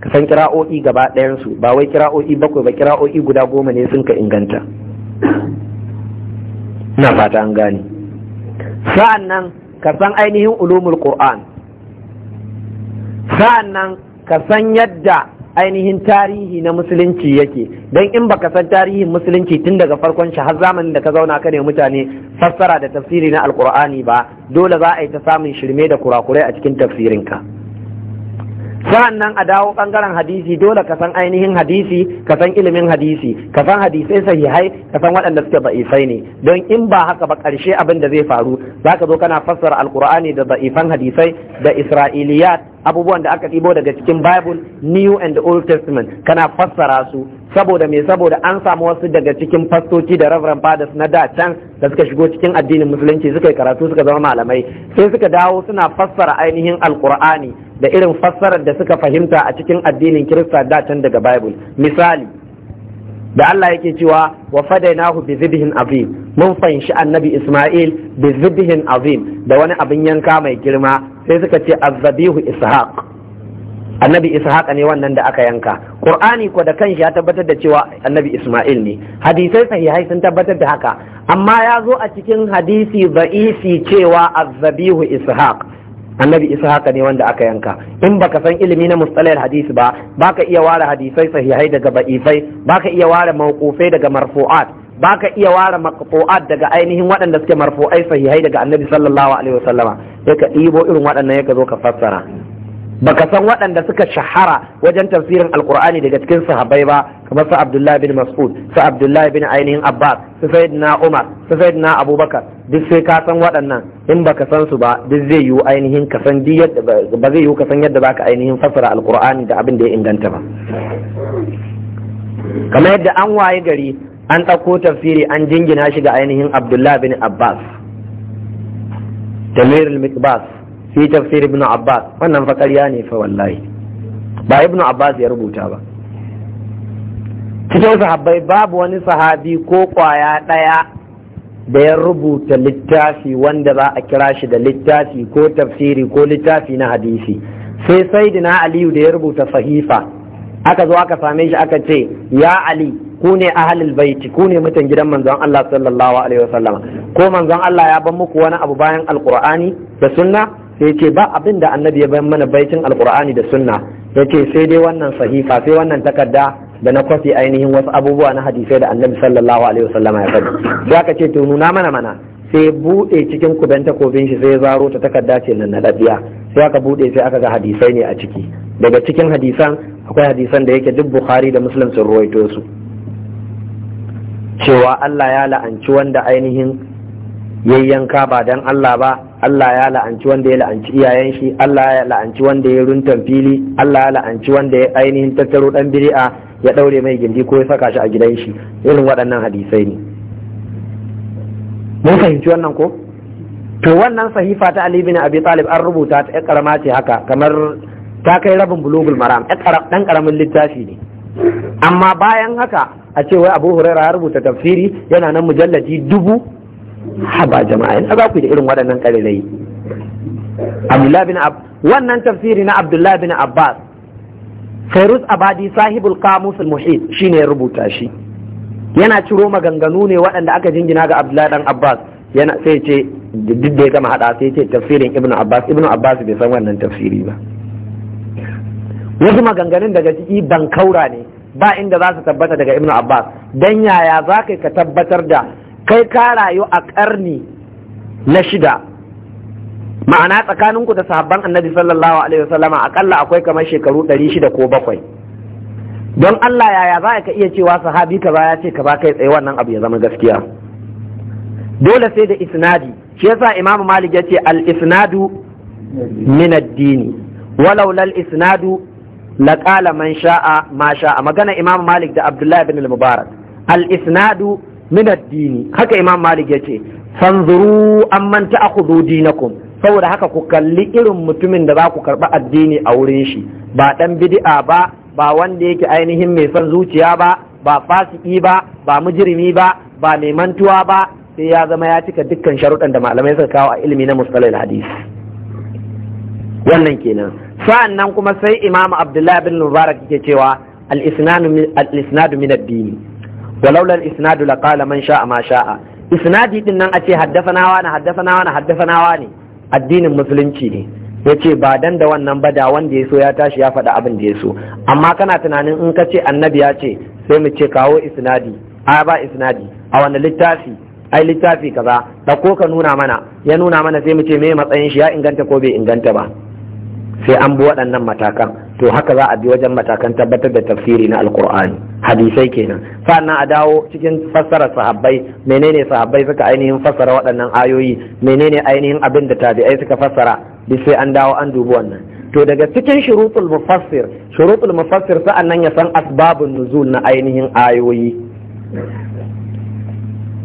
ka san kira'o'i gaba ɗayansu ba wai kira'o'i bakwai ba kira'o'i guda goma ne sun ka inganta ina fata an gane sa'an nan ka san ainihin ulumul qur'an sa'an nan ka san yadda ainihin tarihi na musulunci yake don in baka san tarihin musulunci tun daga farkon shi har zamanin da ka zauna ka ne mutane fassara da tafsiri na alkur'ani ba dole za a yi ta samun shirme da kurakurai a cikin tafsirinka sa'an nan a dawo ɓangaren hadisi dole ka san ainihin hadisi ka san ilimin hadisi ka san hadisai sahihai ka san waɗanda suke ba'isai ne don in ba haka ba ƙarshe abin da zai faru Za ka zo kana fassara alkur'ani da da'ifan hadisai da isra'iliyat abubuwan da aka ɗibo daga cikin bible new and old testament kana fassara su saboda me saboda an samu wasu daga cikin fastoci da reverend fathers na da can da suka shigo cikin addinin musulunci suka yi karatu suka zama malamai sai suka dawo suna fassara ainihin alkur'ani da irin fassarar da suka fahimta a cikin addinin kirista da can daga bible misali da Allah yake cewa wa fadainahu bi zibhin azim mun fahimci annabi Isma'il bi zibhin azim da wani abin yanka mai girma sai suka ce azzabihu ishaq annabi ishaqa ne wannan da aka yanka qur'ani ko da kanshi ya tabbatar da cewa annabi isma'il ne hadisai sahihai sun tabbatar da haka amma ya zo a cikin hadisi ba'isi cewa azzabihu ishaq annabi ishaqa ne wanda aka yanka in baka san ilimi na mustalahil hadisi ba baka iya ware hadisai sahihai daga ba'ifai baka iya ware mawqufai daga marfu'at Baka iya ware maqtu'at daga ainihin waɗanda suke marfu'ai sahihai daga annabi sallallahu alaihi wasallama sai ka ɗibo irin waɗannan ya ka zo ka fassara baka san waɗanda suka shahara wajen tafsirin alkur'ani daga cikin sahabai ba kamar sa abdullahi bin mas'ud sa abdullahi bin ainihin abbas su sayyidina umar su sayyidina abubakar duk sai ka san waɗannan in baka san su ba duk zai yiwu ainihin ka san ba zai yiwu ka san yadda baka ainihin fassara alkur'ani da abin da ya inganta ba kamar yadda an waye gari an ɗauko tafsiri an jingina shi ga ainihin abdullahi bin abbas tamir al-mikbas fi tafsir ibn abbas wannan fa ƙarya ne fa ba ibn abbas ya rubuta ba cikin sahabbai babu wani sahabi ko kwaya ɗaya da ya rubuta littafi wanda za a kira shi da littafi ko tafsiri ko littafi na hadisi sai saidina aliyu da ya rubuta sahifa aka zo aka same shi aka ce ya ali ku ne ahalul baiti ku ne mutan gidan manzon Allah sallallahu alaihi wasallama ko manzon Allah ya ban muku wani abu bayan alqur'ani da sunna sai ba abin da annabi ya bayan mana baitin alkur'ani da sunna ya ce sai dai wannan sahifa sai wannan takarda da na kwafi ainihin wasu abubuwa na hadisai da annabi sallallahu alaihi wasallama ya faɗi za aka ce to nuna mana mana sai buɗe cikin kuben takobin shi sai zaro ta takarda ce nan naɗaɗɗiya sai aka buɗe sai aka ga hadisai ne a ciki daga cikin hadisan akwai hadisan da yake duk bukhari da muslim sun ruwaito su cewa allah ya la'anci wanda ainihin yanka ba dan Allah ba Allah ya la'anci wanda ya la'anci iyayen shi Allah ya la'anci wanda ya runtan fili Allah ya la'anci wanda ya ainihin tattaro dan bid'a ya daure mai gindi ko ya saka shi a gidan shi irin waɗannan hadisai ne mun fahimci wannan ko to wannan sahifa ta Ali bin Abi Talib an rubuta ta karama ce haka kamar ta kai rabin bulugul maram dan karamin littafi ne amma bayan haka a ce wai Abu Hurairah ya rubuta tafsiri yana nan mujallaji dubu haba jama'a in za ku da irin waɗannan ƙarirai abdullahi bin ab wannan tafsiri na abdullahi bin abbas fairuz abadi sahibul qamus muhit shine ya rubuta shi yana ciro maganganu ne waɗanda aka jingina ga abdullahi dan abbas yana sai ce duk da ya gama hada sai ce tafsirin ibnu abbas ibnu abbas bai san wannan tafsiri ba wasu maganganun daga ciki kaura ne ba inda za su tabbata daga ibnu abbas dan yaya za ka tabbatar da kai ka rayu a ƙarni na shida ma'ana tsakaninku da sahabban annabi sallallahu alaihi wasallama akalla akwai kamar shekaru ɗari shida ko bakwai don Allah yaya za ka iya cewa sahabi ka ya ce ka ba kai tsaye wannan abu ya zama gaskiya dole sai da isnadi shi yasa imam malik yace ce al isnadu min addini walau lal isnadu qala man sha'a ma sha'a magana imam malik da abdullahi ibn al mubarak al isnadu min addini haka imam malik yace fanzuru amman ta'khudhu dinakum saboda haka ku kalli irin mutumin da za ku karɓi addini a wurin shi ba ɗan bid'a ba ba wanda yake ainihin mai son zuciya ba ba fasiki ba ba mujirimi ba ba mai mantuwa ba sai ya zama ya cika dukkan sharuɗan da malamai suka kawo a ilimi na mustalil hadis wannan kenan sa'an nan kuma sai imam abdullahi bin mubarak yake cewa al-isnadu min ad-dini ولولا الاسناد لقال من شاء ما sha'a ma sha'a isnadi اتي حدثنا a ce وانا حدثنا وانا الدين المسلمي ne addinin musulunci ne yace ba dan da wannan ba da wanda ya so ya tashi ya faɗa abin da ya so amma kana tunanin in ka ce annabi ya ce sai mu ce kawo isnadi a ba isnadi a wani littafi ai littafi kaza da ko ka nuna mana ya nuna mana sai mu ce me matsayin shi ya inganta ko bai inganta ba sai an bi waɗannan matakan to haka za a bi wajen matakan tabbatar da tafsiri na alkur'ani hadisai kenan sannan a dawo cikin fassara sahabbai menene sahabbai suka ainihin fassara waɗannan ayoyi menene ainihin abin da tabi'ai suka fassara duk sai an dawo an dubi wannan to daga cikin shurutul mufassir shurutul mufassir sa'annan ya san asbabun nuzul na ainihin ayoyi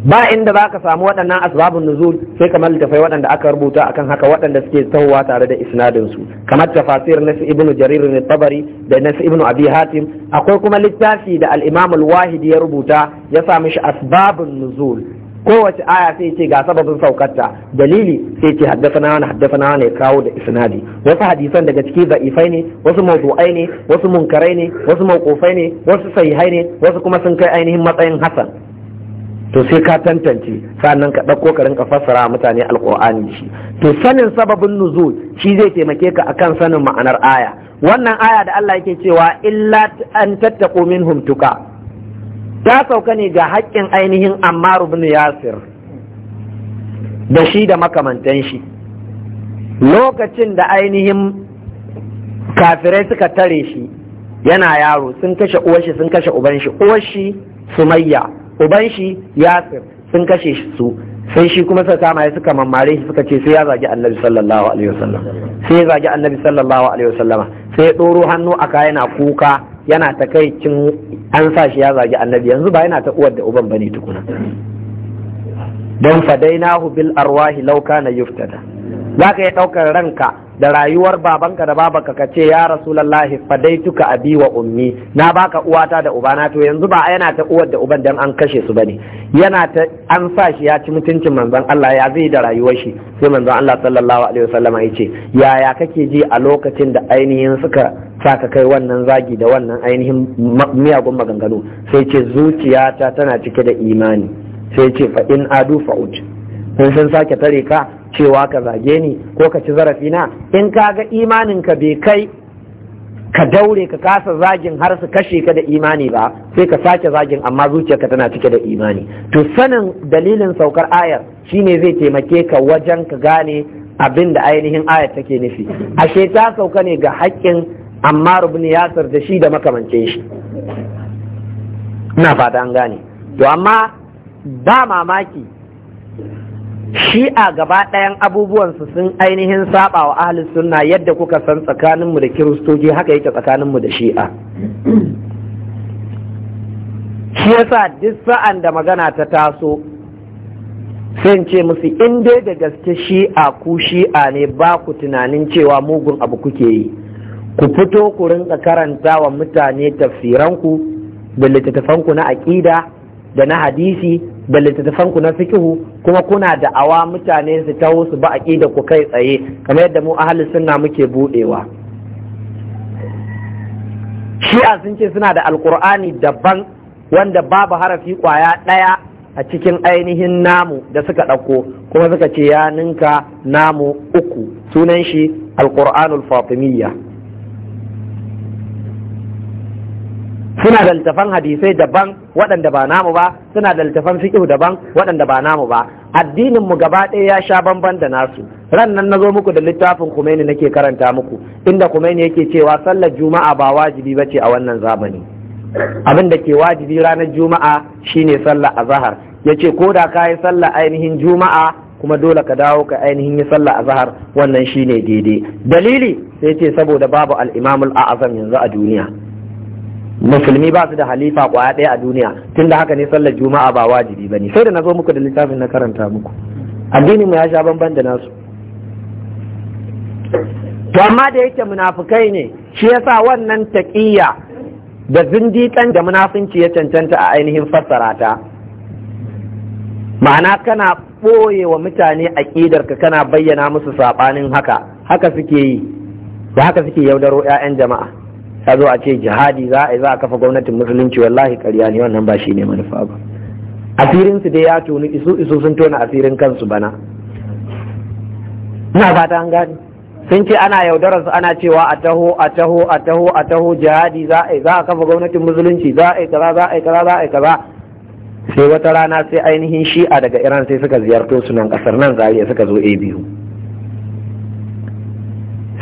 ba inda za ka samu waɗannan asbabun nuzul sai kamar littafai waɗanda aka rubuta akan haka waɗanda suke tahowa tare da isnadinsu kamar tafasir nasu ibnu jarir ne tabari da nasu ibnu abi hatim akwai kuma littafi da al wahidi ya rubuta ya sami shi asbabun nuzul kowace aya sai ce ga sababin saukarta dalili sai ce na wani haddasana wani ya kawo da isnadi wasu hadisan daga ciki za'ifai ne wasu mawdu'ai ne wasu munkarai ne wasu mawqufai ne wasu sahihai ne wasu kuma sun kai ainihin matsayin Hassan. to sai ka tantance sannan ka ɗauko ka rinka fassara mutane alƙur'ani shi to sanin sababin nuzul shi zai taimake ka akan sanin ma'anar aya wannan aya da Allah yake cewa illa an tattaqu minhum tuka ta sauka ne ga haƙƙin ainihin Ammar ibn Yasir da shi da makamantan shi lokacin da ainihin kafirai suka tare shi yana yaro sun kashe uwar sun kashe uban shi uwar shi Sumayya uban shi yasir sun kashe su sai shi kuma suka kama ya suka mamare shi suka ce sai ya zagi annabi sallallahu alaihi wasallam sai ya zagi annabi sallallahu alaihi wasallama sai ya doro hannu aka yana kuka yana ta kai cin an sa shi ya zagi annabi yanzu ba yana ta uwar da uban bane tukuna dan fadainahu bil arwahi law kana yuftada zaka ya daukar ranka da rayuwar babanka da babanka ka ce ya rasulullahi fadaituka abi wa ummi na baka uwata da ubana to yanzu ba yana ta uwar da uban dan an kashe su bane yana ta an sa shi ya ci mutuncin manzon Allah ya zai da rayuwar shi sai manzon Allah sallallahu alaihi wasallam ya ce yaya kake ji a lokacin da ainihin suka saka kai wannan zagi da wannan ainihin miyagun maganganu sai ce zuciyata tana cike da imani sai ce fa in adu fa'ud sun sake tare ka cewa ka zage ni ko ka ci zarafi na in ka ga imaninka bai kai ka daure ka kasa zagin har su kashe ka da imani ba sai ka sake zagin amma zuciyarka tana cike da imani to sanin dalilin saukar ayar shine zai taimake ka wajen ka gane abin da ainihin ayar take nufi ashe ta sauka ne ga haƙƙin amma rubin yasir da shi da makamancin shi ina fata an gane to amma ba mamaki shi'a gaba ɗayan abubuwansu sun ainihin saba wa ahli sunna yadda kuka san tsakaninmu da kiristoci haka yake tsakaninmu da shi'a shi yasa duk sa'an da magana ta taso sai ce musu in dai da gaske shi'a ku shi'a ne ba ku tunanin cewa mugun abu kuke yi ku fito ku rinka karanta wa mutane tafsiranku da littattafanku na aƙida da na hadisi da littattafan ku na fikihu kuma kuna da awa mutane su taho su ba aqida ku kai tsaye kamar yadda mu ahli sunna muke buɗewa. shi'a sun ce suna da alkur'ani daban wanda babu harafi kwaya ɗaya a cikin ainihin namu da suka ɗauko kuma suka ce ya ninka namu uku sunan shi alkur'anul fatimiyya suna da littafan hadisai daban waɗanda ba namu ba suna da littafan fiqh daban waɗanda ba namu ba addinin mu gaba ɗaya ya sha bamban da nasu Rannan na zo muku da littafin Khomeini nake karanta muku inda Khomeini yake cewa sallar juma'a ba wajibi ba ce a wannan zamani abin da ke wajibi ranar juma'a shine sallar azhar yace ko da kayi sallar ainihin juma'a kuma dole ka dawo ka ainihin yi sallar azhar wannan shine daidai dalili sai ce saboda babu al-imamul a'azam yanzu a duniya musulmi ba su da halifa kwaya ɗaya a duniya tunda haka ne sallar juma'a ba wajibi ba ne sai da na zo muku da littafin na karanta muku addinin mu ya sha bamban da nasu to amma da yake munafukai ne shi yasa wannan taƙiyya da zindikan da munafunci ya cancanta a ainihin fassara ta ma'ana kana ɓoye wa mutane ka kana bayyana musu saɓanin haka haka suke yi da haka suke yaudaro 'ya'yan jama'a ta zo a ce jihadi za a za a kafa gwamnatin musulunci wallahi ƙarya ne wannan ba shi ne manufa ba asirinsu dai ya tuni isu isu sun tona asirin kansu bana ina fata an gani sun ce ana yaudarar su ana cewa a taho a taho a taho a taho jihadi za a za a kafa gwamnatin musulunci za a yi kaza za a yi kaza za a yi kaza sai wata rana sai ainihin shi'a daga iran sai suka ziyarto su nan kasar nan zariya suka zo a biyu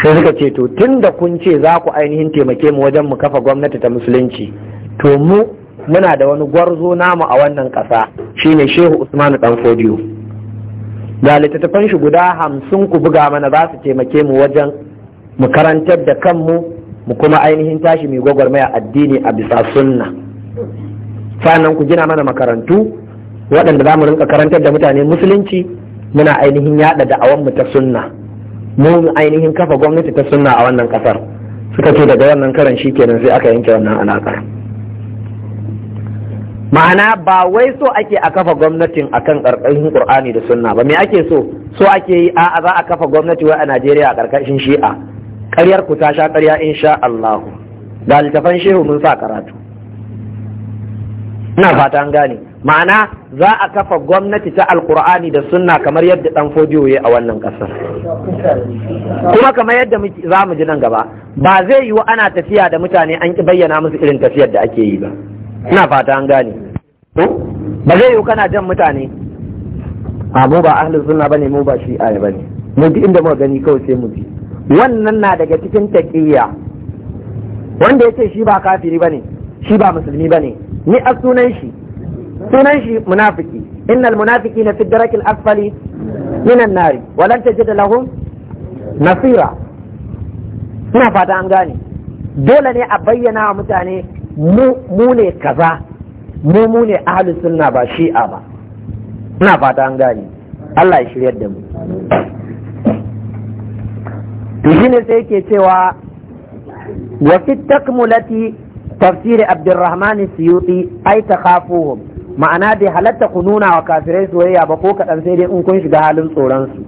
sai suka ce to tun da kun ce za ku ainihin taimake mu wajen mu kafa gwamnati ta musulunci to mu muna da wani gwarzo namu a wannan ƙasa shine shehu usmanu dan fodiyo da littattafan shi guda hamsin ku buga mana za su taimake mu wajen mu karantar da kanmu mu kuma ainihin tashi mai gwagwarmaya addini a bisa sunna sannan ku gina mana makarantu waɗanda za mu rinka karantar da mutane musulunci muna ainihin yaɗa da'awar mu ta sunna mu ainihin kafa gwamnati ta sunna a wannan kasar suka ce daga wannan karan shi kenan sai aka yanke wannan alaƙar ma'ana ba wai so ake a kafa gwamnatin akan ƙarƙashin ƙur'ani da sunna ba me ake so so ake yi a za a kafa gwamnati wai a najeriya a ƙarƙashin shi'a ƙaryar ku ta sha ƙarya insha allahu da littafan shehu mun sa karatu ina fata an gane ma'ana za a kafa gwamnati ta alkur'ani da sunna kamar yadda dan fodiyo ya a wannan kasar kuma kamar yadda za mu ji nan gaba ba zai yiwu ana tafiya da mutane an ki bayyana musu irin tafiyar da ake yi ba ina fata an gane ba zai yiwu kana jan mutane a mu ba ahlus sunna bane mu ba shi aya bane mu duk inda muka gani kawai sai mu bi wannan na daga cikin taqiyya wanda yake shi ba kafiri bane shi ba musulmi bane ni a sunan shi sunan shi munafiki innal munafiki fi darakil asfali minan nari walan tajid lahum nasira ina fata an gane dole ne a bayyana wa mutane mu ne kaza mu mu ne ahli sunna ba shi'a ba ina fata an gane Allah ya shiryar da mu to ne sai ke cewa wa fi takmulati tafsir Abdurrahman Suyuti ay takhafuhum ma'ana dai halatta ku nuna wa kafirai soyayya ba ko kaɗan sai dai in kun shiga halin tsoronsu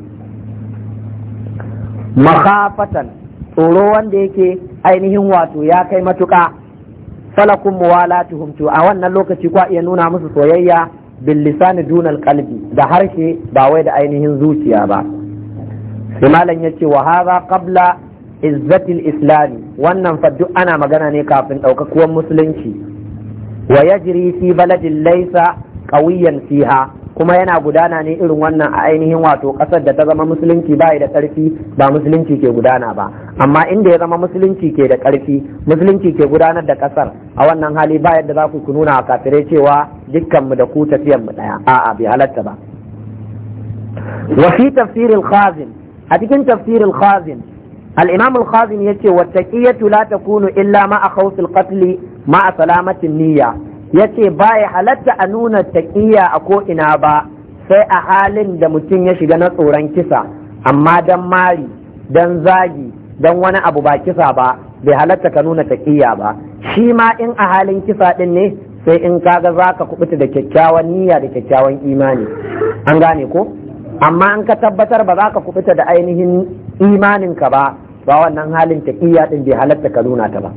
makafatan tsoro wanda yake ainihin wato ya kai matuƙa falakun muwalatuhum to a wannan lokaci kwa iya nuna musu soyayya bil lisani dunal qalbi da harshe ba wai da ainihin zuciya ba sai malam yace wa hadha qabla izzatil islami wannan fa duk ana magana ne kafin ɗaukakuwar musulunci wa yajri fi baladin laisa qawiyan fiha kuma yana gudana ne irin wannan a ainihin wato ƙasar da ta zama musulunci ba da ƙarfi ba musulunci ke gudana ba amma inda ya zama musulunci ke da ƙarfi musulunci ke gudanar da ƙasar a wannan hali ba yadda za ku nuna a kafirai cewa dukkanmu da ku tafiyan mu daya a'a bai halatta ba wa fi tafsir khazin a cikin tafsir khazin al-imam al-khazin yace wa taqiyatu la takunu illa ma'a akhawf al-qatl ma a salamatin niyya yace ba ya halatta a nuna taƙiyya a ko'ina ba sai a halin da mutum ya shiga na tsoron kisa amma don mari don zagi don wani abu ba kisa ba bai halatta ka nuna taƙiyya ba shi ma in a halin kisa din ne sai in kaga za ka kubuta da kyakkyawan niyya da kyakkyawan imani an gane ko amma in ka tabbatar ba za ka kubuta da ainihin imaninka ba ba wannan halin taƙiyya din bai halatta ka nuna ta ba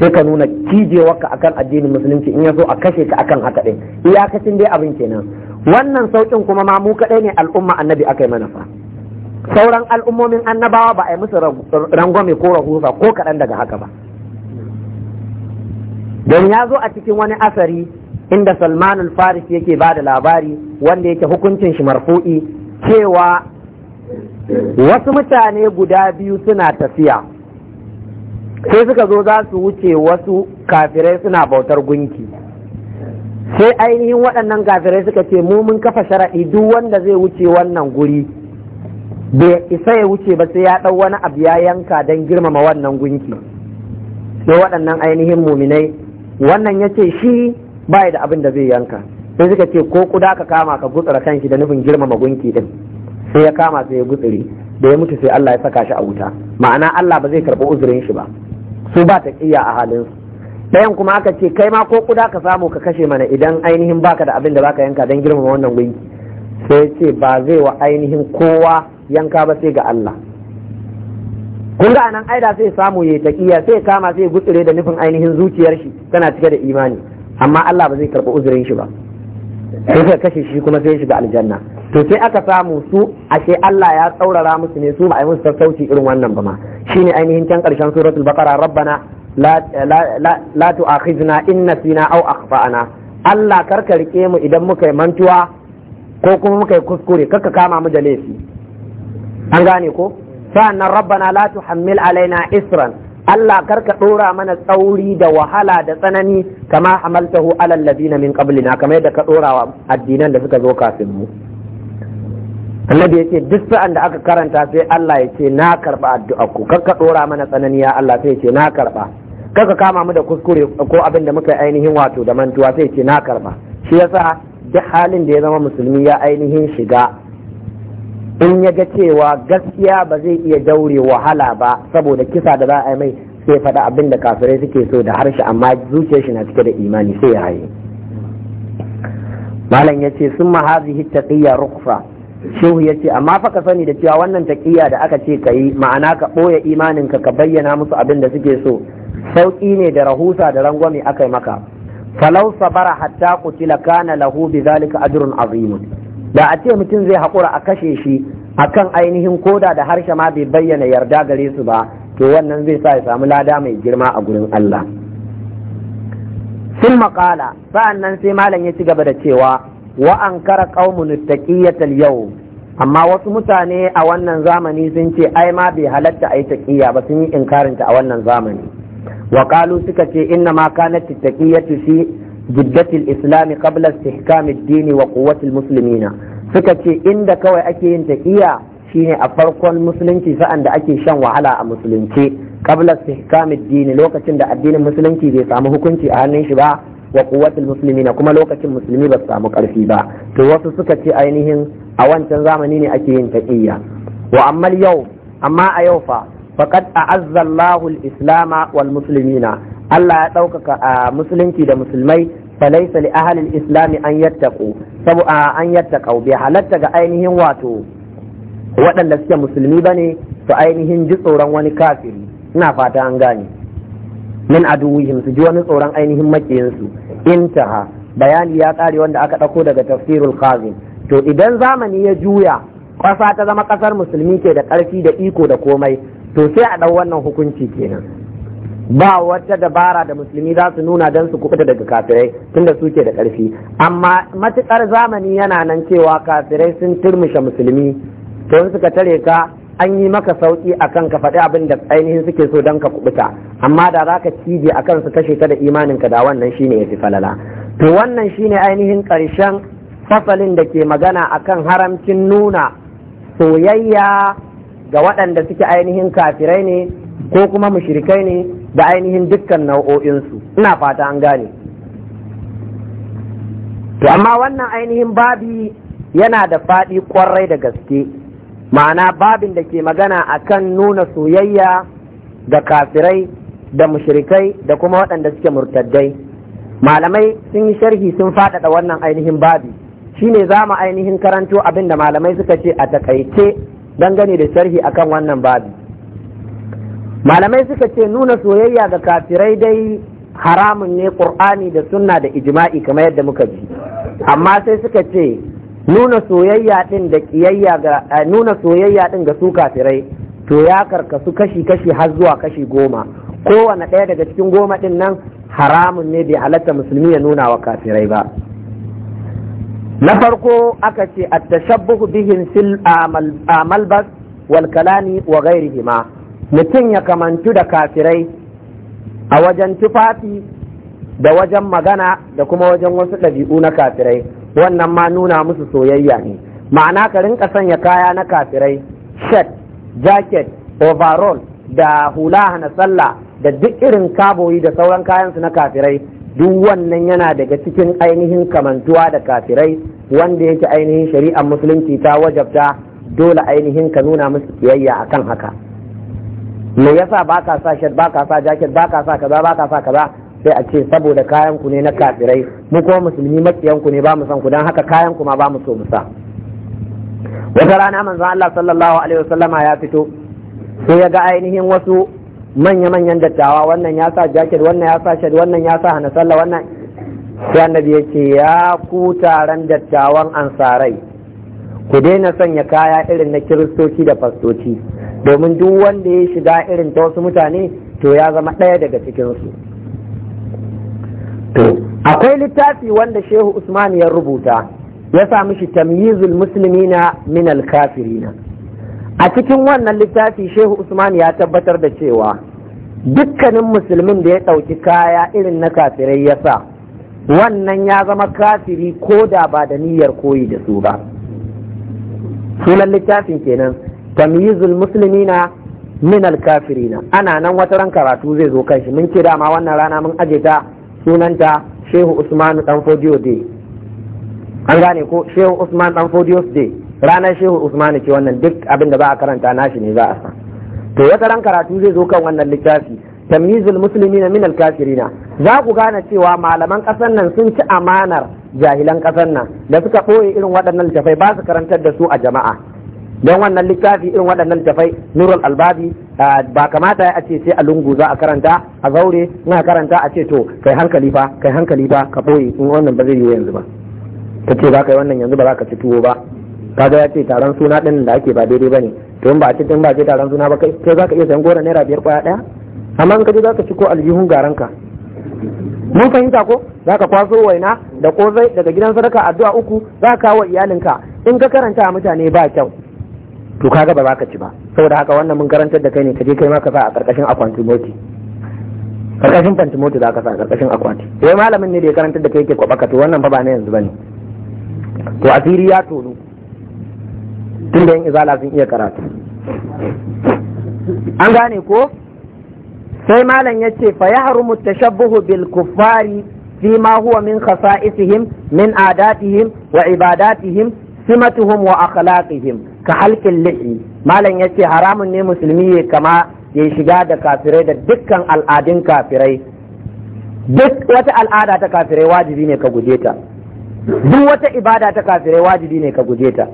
sai ka nuna kijewarka akan addinin musulunci in yaso a kashe ka akan haka din iyakacin dai abin kenan wannan saukin kuma ma mu kadai ne al'umma annabi aka yi mana fa sauran al'ummomin annabawa ba a musu rangwame ko rahusa ko kaɗan daga haka ba don ya zo a cikin wani asari inda salman al-faris yake ba da labari wanda yake hukuncin shi marfu'i cewa wasu mutane guda biyu suna tafiya sai suka zo za su wuce wasu kafirai suna bautar gunki sai ainihin waɗannan kafirai suka ce mu mun kafa sharaɗi duk wanda zai wuce wannan guri bai isa ya wuce ba sai ya ɗau wani abu ya yanka don girmama wannan gunki sai waɗannan ainihin muminai wannan ya ce shi ba da abin da zai yanka sai suka ce ko kuda ka kama ka gutsura kanshi da nufin girmama gunki din sai ya kama sai ya gutsure da ya mutu sai Allah ya saka shi a wuta ma'ana Allah ba zai karɓi uzurin shi ba su ba ta iya a halin ɗayan kuma aka ce kai ma ko kuda ka samu ka kashe mana idan ainihin baka da abin da baka yanka don girmama wannan gunki sai ce ba zai wa ainihin kowa yanka ba sai ga Allah kun ga anan aida sai samu yayi taqiya sai kama sai gutsure da nufin ainihin zuciyar shi tana cike da imani amma Allah ba zai karɓi uzurin shi ba sai suka kashe shi kuma sai shiga aljanna to sai aka samu su ashe Allah ya tsaurara musu ne su ba a yi musu sassauci irin wannan ba ma shine ainihin can karshen suratul baqara rabbana la la tu'akhizna in nasina aw akhtana Allah karka rike mu idan muka yi mantuwa ko kuma muka yi kuskure karka kama mu da laifi an gane ko sa'annan rabbana la tuhammil alaina isran Allah karka ɗora mana tsauri da wahala da tsanani kama hamaltahu alal ladina min qablina kamar yadda ka ɗora wa addinan da suka zo kafin mu annabi yace duk sa'an da aka karanta sai Allah yace na karba ku karka ɗora mana tsanani ya Allah sai yace na karba karka kama mu da kuskure ko abin da muka ainihin wato da mantuwa sai yace na karba shi yasa duk halin da ya zama musulmi ya ainihin shiga in ya ga cewa gaskiya ba zai iya daure wahala ba saboda kisa da za a yi mai sai faɗa abin da kafirai suke so da harshe amma zuciyar shi na cike da imani sai ya haye malam ya ce sun mahazihi taqiyya rukfa shehu ya ce amma fa ka sani da cewa wannan taqiyya da aka ce ka ma'ana ka ɓoye imanin ka ka bayyana musu abin da suke so Sauki ne da rahusa da rangwame aka yi maka falau sabara hatta kutila kana lahu bi zalika ajrun azimun da a ce mutum zai haƙura a kashe shi a kan ainihin koda da harshe ma bai bayyana yarda gare su ba to wannan zai sa ya samu lada mai girma a gurin Allah sun maƙala sa'an nan sai malam ya ci gaba da cewa wa an kara ƙaumun yau amma wasu mutane a wannan zamani sun ce ai ma bai halatta a yi taƙiyya ba sun yi inkarinta a wannan zamani wa suka ce inna ma kanat taqiyyatu shi جدة الإسلام قبل استحكام الدين وقوة المسلمين سكتي إن كوي أكي تكيا shine a farkon musulunci sa'an da ake shan wahala a musulunci qabla istihkam ad lokacin da addinin musulunci bai samu hukunci a hannun shi ba wa quwwatul muslimina kuma lokacin musulmi ba su samu karfi ba to wasu suka ce ainihin a wancan zamani ne ake yin taqiyya wa amma yau amma a yau fa faqad a'azza Allahu al-islama wal muslimina Allah ya ɗaukaka a musulunci da musulmai falaisa li ahalil islami an yattaku sabu an yattaka bi halatta ga ainihin wato waɗanda suke musulmi bane su ainihin ji tsoron wani kafiri ina fata an gane min aduwihim su ji wani tsoron ainihin makiyinsu intaha bayani ya ƙare wanda aka ɗauko daga tafsirul khazin to idan zamani ya juya ƙasa ta zama ƙasar musulmi ke da ƙarfi da iko da komai to sai a ɗau wannan hukunci kenan ba wata dabara da musulmi za su nuna don su kubuta daga kafirai tun da suke da ƙarfi amma matuƙar zamani yana nan cewa kafirai sun turmushe musulmi to suka tare ka an yi maka sauki akan ka faɗi abin da ainihin suke so don ka kubuta amma da za ka cije kan su kashe ta da imanin ka da wannan shine yafi falala to wannan shine ainihin ƙarshen fasalin da ke magana a kan haramcin nuna soyayya ga waɗanda suke ainihin kafirai ne ko kuma mushrikai ne da ainihin dukkan nau'o'insu ina fata an gane to amma wannan ainihin babi yana da faɗi kwarai da gaske ma'ana babin da ke magana akan nuna soyayya ga kafirai da mushrikai da kuma waɗanda suke murtaddai malamai sun yi sharhi sun faɗaɗa wannan ainihin babi shine za mu ainihin karanto abin da malamai suka ce a takaice dangane da sharhi akan wannan babi malamai suka ce nuna soyayya ga kafirai dai haramun ne qur'ani da sunna da ijma'i kamar yadda muka ji amma sai suka ce nuna soyayya din da kiyayya ga eh, nuna soyayya din ga su kafirai to ya karkasu kashi kashi har zuwa kashi goma kowane ɗaya daga cikin goma din nan haramun ne bai halatta musulmi ya nuna wa kafirai ba na farko aka ce at-tashabbuhu bihim fil amal bas wal kalani wa ghairihima mutum ya kamantu da kafirai a wajen tufafi da wajen magana da kuma wajen wasu ɗabi'u na kafirai wannan ma nuna musu soyayya ne ma'ana ka rinka sanya kaya na kafirai shirt jacket overall da hula na sallah da duk irin kaboyi da sauran kayansu na kafirai duk wannan yana daga cikin ainihin kamantuwa da kafirai wanda yake ainihin shari'ar musulunci ta wajabta dole ainihin ka nuna musu kiyayya akan haka me yasa ba ka sa shirt ba ka sa jacket ba ka sa kaza ba ka sa kaza sai a ce saboda kayan ku ne na kafirai mu kuma musulmi makiyan ku ne ba mu san ku dan haka kayan ku ma ba mu so mu sa wata rana manzon Allah sallallahu alaihi wasallama ya fito sai ya ga ainihin wasu manya-manyan dattawa wannan ya sa jacket wannan ya sa shad wannan ya sa hana sallah wannan sai annabi ya ce ya ku taron dattawan ansarai ku daina sanya kaya irin na kiristoci da fastoci domin duk wanda ya shiga irin ta wasu mutane to ya zama ɗaya daga cikinsu to akwai littafi wanda shehu usman ya rubuta ya sami shi tamyizul muslimina min na. a cikin wannan littafi shehu usman ya tabbatar da cewa dukkanin musulmin da ya ɗauki kaya irin na kafirai ya sa wannan ya zama kafiri ko da ba da niyyar koyi da su ba sunan littafin kenan tamyizul muslimina min alkafirina ana nan wata ran karatu zai zo kanshi mun ce dama wannan rana mun aje ta sunanta Shehu Usman dan Fodio Day an gane ko Shehu Usman dan Fodio Day ranar Shehu Usman ce wannan duk abin da ba a karanta nashi ne za a san to wata ran karatu zai zo kan wannan littafi tamyizul muslimina min al-kafirina za ku gane cewa malaman ƙasar nan sun ci amanar jahilan ƙasar nan da suka ɓoye irin waɗannan littafai ba su karantar da su a jama'a don wannan littafi irin waɗannan littafai nurul albabi ba kamata a ce sai a lungu za a karanta a zaure na karanta a ce to kai hankali fa kai hankali fa ka ɓoye in wannan ba zai yi yanzu ba ta ce za ka yi wannan yanzu ba za ka ci tuwo ba kaga ya ce taron suna ɗin da ake ba daidai ba ne to in ba a ce ba ce taron suna ba kai za ka iya sayan gora naira biyar kwaya ɗaya amma in kaje zaka ci ko aljihun garanka mun fahimta ko zaka kwaso waina da kozai daga gidan sadaka addu'a uku za ka kawo iyalinka in ka karanta a mutane ba kyau to kaga ba za ka ci ba saboda haka wannan mun karantar da kai ne kaje kai ma ka sa a karkashin akwanti moti karkashin fantimoti za ka sa a karkashin akwati sai malamin ne da ya karantar da kai yake kwabaka to wannan fa ba na yanzu bane to asiri ya tonu tunda yan izala sun iya karatu an gane ko sai malam ya ce fa ya harumu tashabbuhu bil kuffari fi ma huwa min khasa'isihim min adatihim wa ibadatihim simatuhum wa akhlaqihim ka halkin lihi malam ya ce haramun ne musulmi ya kama ya shiga da kafirai da dukkan al'adun kafirai duk wata al'ada ta kafirai wajibi ne ka guje ta duk wata ibada ta kafirai wajibi ne ka guje ta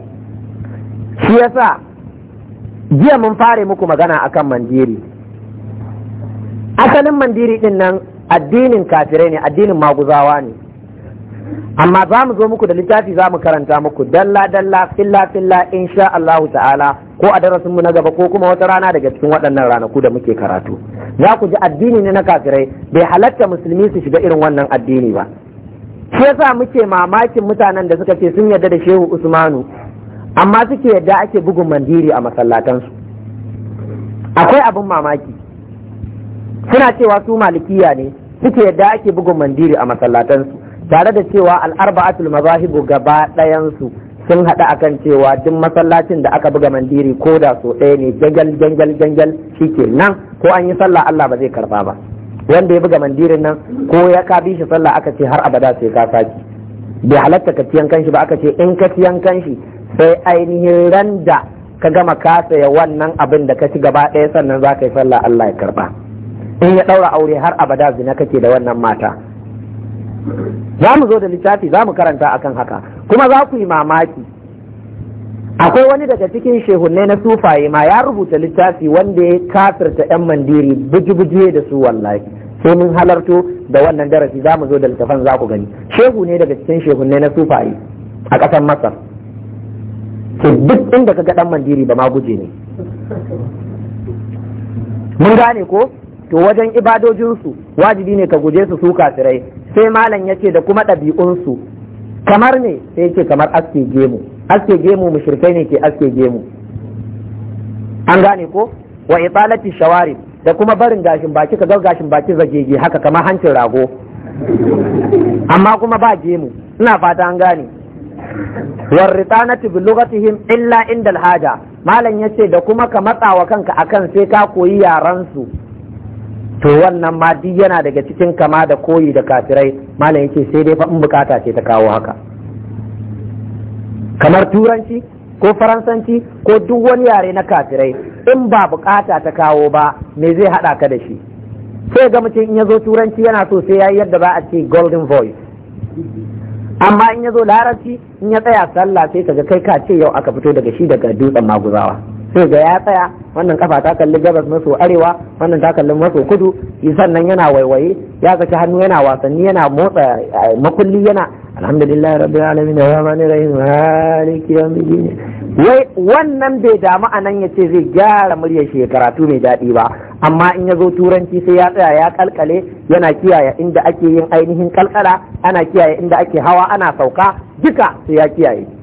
shi yasa jiya mun fare muku magana akan mandiri asalin mandiri din nan addinin kafirai ne addinin maguzawa ne amma za mu zo muku da littafi za mu karanta muku dalla dalla filla filla sha Allahu ta'ala ko a darasin mu na gaba ko kuma wata rana daga cikin waɗannan ranaku da muke karatu za ku ji addini ne na kafirai bai halatta musulmi su shiga irin wannan addini ba shi yasa muke mamakin mutanen da suka ce sun yarda da shehu usmanu amma suke yadda ake bugun mandiri a masallatansu akwai abin mamaki suna cewa su malikiya ne suke yadda ake bugun mandiri a masallatansu tare da cewa al'arba'atul mazahibu gaba ɗayansu sun a akan cewa duk masallacin da aka buga mandiri ko da so ɗaya ne jangal jangal jangal ke nan ko an yi sallah Allah ba zai karba ba wanda ya buga mandirin nan ko ya ka bi shi sallah aka ce har abada sai ka saki bai halatta ka ciyan kanshi ba aka ce in ka ciyan kanshi sai ainihin randa ka gama ka saya wannan abin da ka ci gaba ɗaya sannan za ka yi sallah Allah ya karba in ya ɗaura aure har abada zina kake da wannan mata za mu zo da littafi za mu karanta akan haka kuma za ku yi mamaki akwai wani daga cikin shehunne na sufaye ma ya rubuta littafi wanda ya kafirta 'yan mandiri buji buji da su wallahi sai mun halarto da wannan darasi za mu zo da littafan za ku gani shehu ne daga cikin shehunne na sufaye a ƙasar masar duk inda ka ga ɗan mandiri ba ma guje ne mun gane ko to wajen ibadojinsu wajibi ne ka guje su su kafirai sai malam yace da kuma ɗabi'unsu kamar ne sai yace kamar aske gemu aske gemu mushrikai ne ke aske gemu an gane ko wa italati shawari da kuma barin gashin baki ka ga gashin baki zagege haka kamar hancin rago amma kuma ba gemu ina fata an gane warritanati bi lughatihim illa inda alhaja malam yace da kuma ka matsawa kanka akan sai ka koyi yaran su to wannan ma duk yana daga cikin kama da koyi da kafirai malam yake sai dai faɗin in bukata ce ta kawo haka kamar turanci ko faransanci ko duk wani yare na kafirai in ba bukata ta kawo ba me zai haɗa ka da shi sai ga mutum in ya zo turanci yana so sai ya yi yadda ba a ce golden voice amma in ya zo larabci in ya tsaya sallah sai kaga kai ka ce yau aka fito daga shi daga dutsen maguzawa sai ga ya tsaya wannan kafa ta kalli gabas maso arewa wannan ta kalli maso kudu sannan yana waiwaye ya saki hannu yana wasanni yana motsa eh, makulli yana alhamdulillah rabbil alamin wa rahmanir rahim maliki yawmiddin wai wannan bai damu ya ce zai gyara muryar shi karatu mai daɗi ba amma in ya zo turanci sai ya tsaya ya kalkale yana kiyaye inda ake yin ainihin kalkala ana kiyaye inda ake hawa ana sauka duka sai ya kiyaye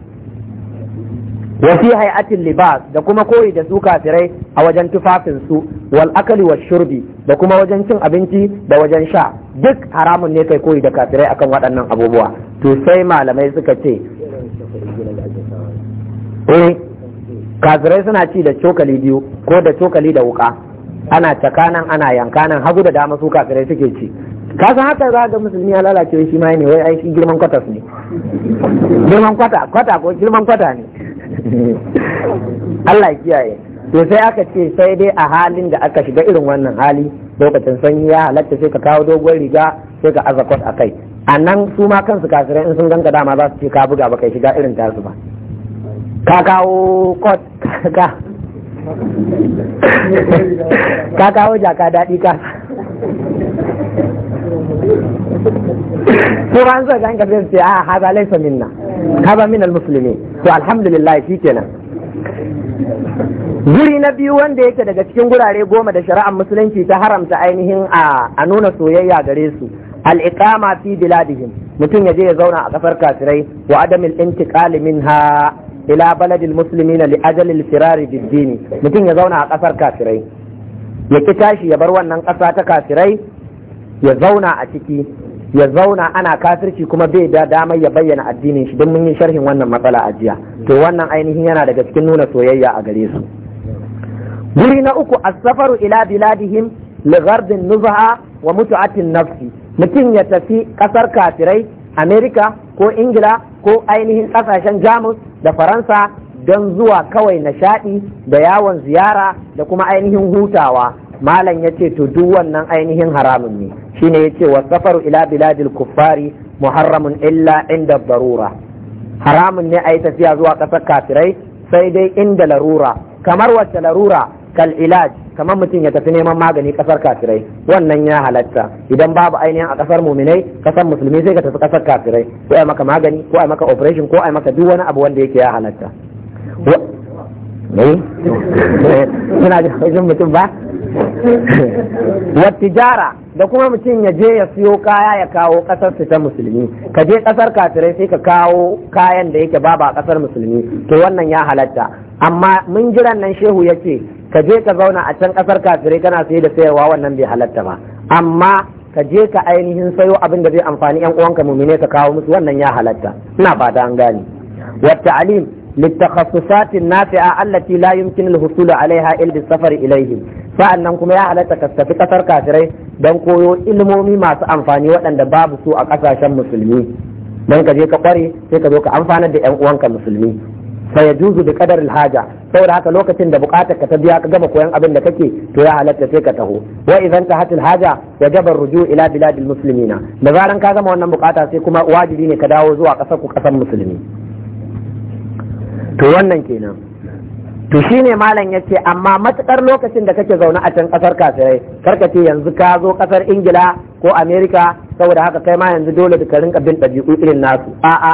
wa fi hay'atin libas da kuma koyi da su kafirai a wajen tufafin su wal akali wa shurbi da kuma wajen cin abinci da wajen sha duk haramun ne kai koyi da kafirai akan waɗannan abubuwa to sai malamai suka ce eh kafirai suna ci da cokali biyu ko da cokali da wuka ana cakanan ana yankanan hagu da dama su kafirai suke ci kasan san haka za ga musulmi ya lalace shi ma ne wai ai shi girman kwatas ne girman kwata kwata ko girman kwata ne Allah kiyaye to sai aka ce sai dai a halin da aka shiga irin wannan hali lokacin sanyi ya halatta sai ka kawo doguwar riga sai ka aza kwas a kai a nan su ma kansu kafirai in sun ganga dama za su ce ka buga ba kai shiga irin tasu ba ka kawo kot ka ka kawo jaka daɗi ka ko an zo ga gabe a haza laifa minna ba minal Musulmi? to alhamdulillah shi kenan. guri na biyu wanda yake daga cikin gurare goma da shari'ar musulunci ta haramta ainihin a nuna soyayya gare su al'iqama fi biladihim mutum ya je ya zauna a kafar kafirai wa adamil intiqali minha ila baladil muslimina li ajalil firari biddini mutum ya zauna a kasar kafirai ya ki tashi ya bar wannan kasa ta kafirai ya zauna a ciki ya zauna ana kafirci kuma bai da damar ya bayyana addinin shi don mun yi sharhin wannan matsala a jiya to wannan ainihin yana daga cikin nuna soyayya a gare su guri na uku as-safaru ila biladihim li ghardin nuzha wa mutu'atin nafsi mutum ya tafi kasar kafirai amerika ko ingila ko ainihin kasashen jamus da faransa don zuwa kawai nishaɗi da yawon ziyara da kuma ainihin hutawa malam ya ce to duk wannan ainihin haramun ne shine ya ce wa safaru ila biladil kuffari muharramun illa inda barura haramun ne a yi tafiya zuwa ƙasar kafirai sai dai inda larura kamar wacce larura kal ilaj kamar mutum ya tafi neman magani ƙasar kafirai wannan ya halatta idan babu ainihin a kasar muminai ƙasar musulmi sai ka tafi kasar kafirai ko ai maka magani ko ai maka operation ko ai maka duk wani abu wanda yake ya halatta ne eh? suna da mutum ba tijara da kuma mutum ya je ya siyo kaya ya kawo kasar ta musulmi ka je kasar kafirai sai ka kawo kayan da yake ba ba kasar musulmi to wannan ya halatta amma mun jiran nan shehu ya ce ka je ka zauna a can kasar kafirai kana sai da sayarwa wannan bai halatta ba amma ka je ka ainihin sayo abin da zai amfani yan uwanka mumine ka kawo musu wannan ya halatta ina fata an gani wata alim. للتخصصات النافعة التي لا يمكن الحصول عليها إلا بالسفر إليهم sa'annan kuma ya halatta ka tafi kasar kafirai don koyo ilmomi masu amfani waɗanda babu su a ƙasashen musulmi don ka je ka ƙware sai ka zo ka amfana da 'yan uwanka musulmi fa ya juzu bi qadar haja saboda haka lokacin da bukatar ka ta biya ka gama koyan abin da kake to ya halatta sai ka taho wa idan ta hatil haja ya gabar ruju ila biladil muslimina da zaran ka gama wannan bukata sai kuma wajibi ne ka dawo zuwa ƙasar ku kasar musulmi to wannan kenan to shine malam ce, amma matukar lokacin da kake zaune a can kasar kafirai karka ce yanzu ka zo kasar ingila ko Amerika, saboda haka kai ma yanzu dole ka rinka bin ɗabi'u irin nasu a'a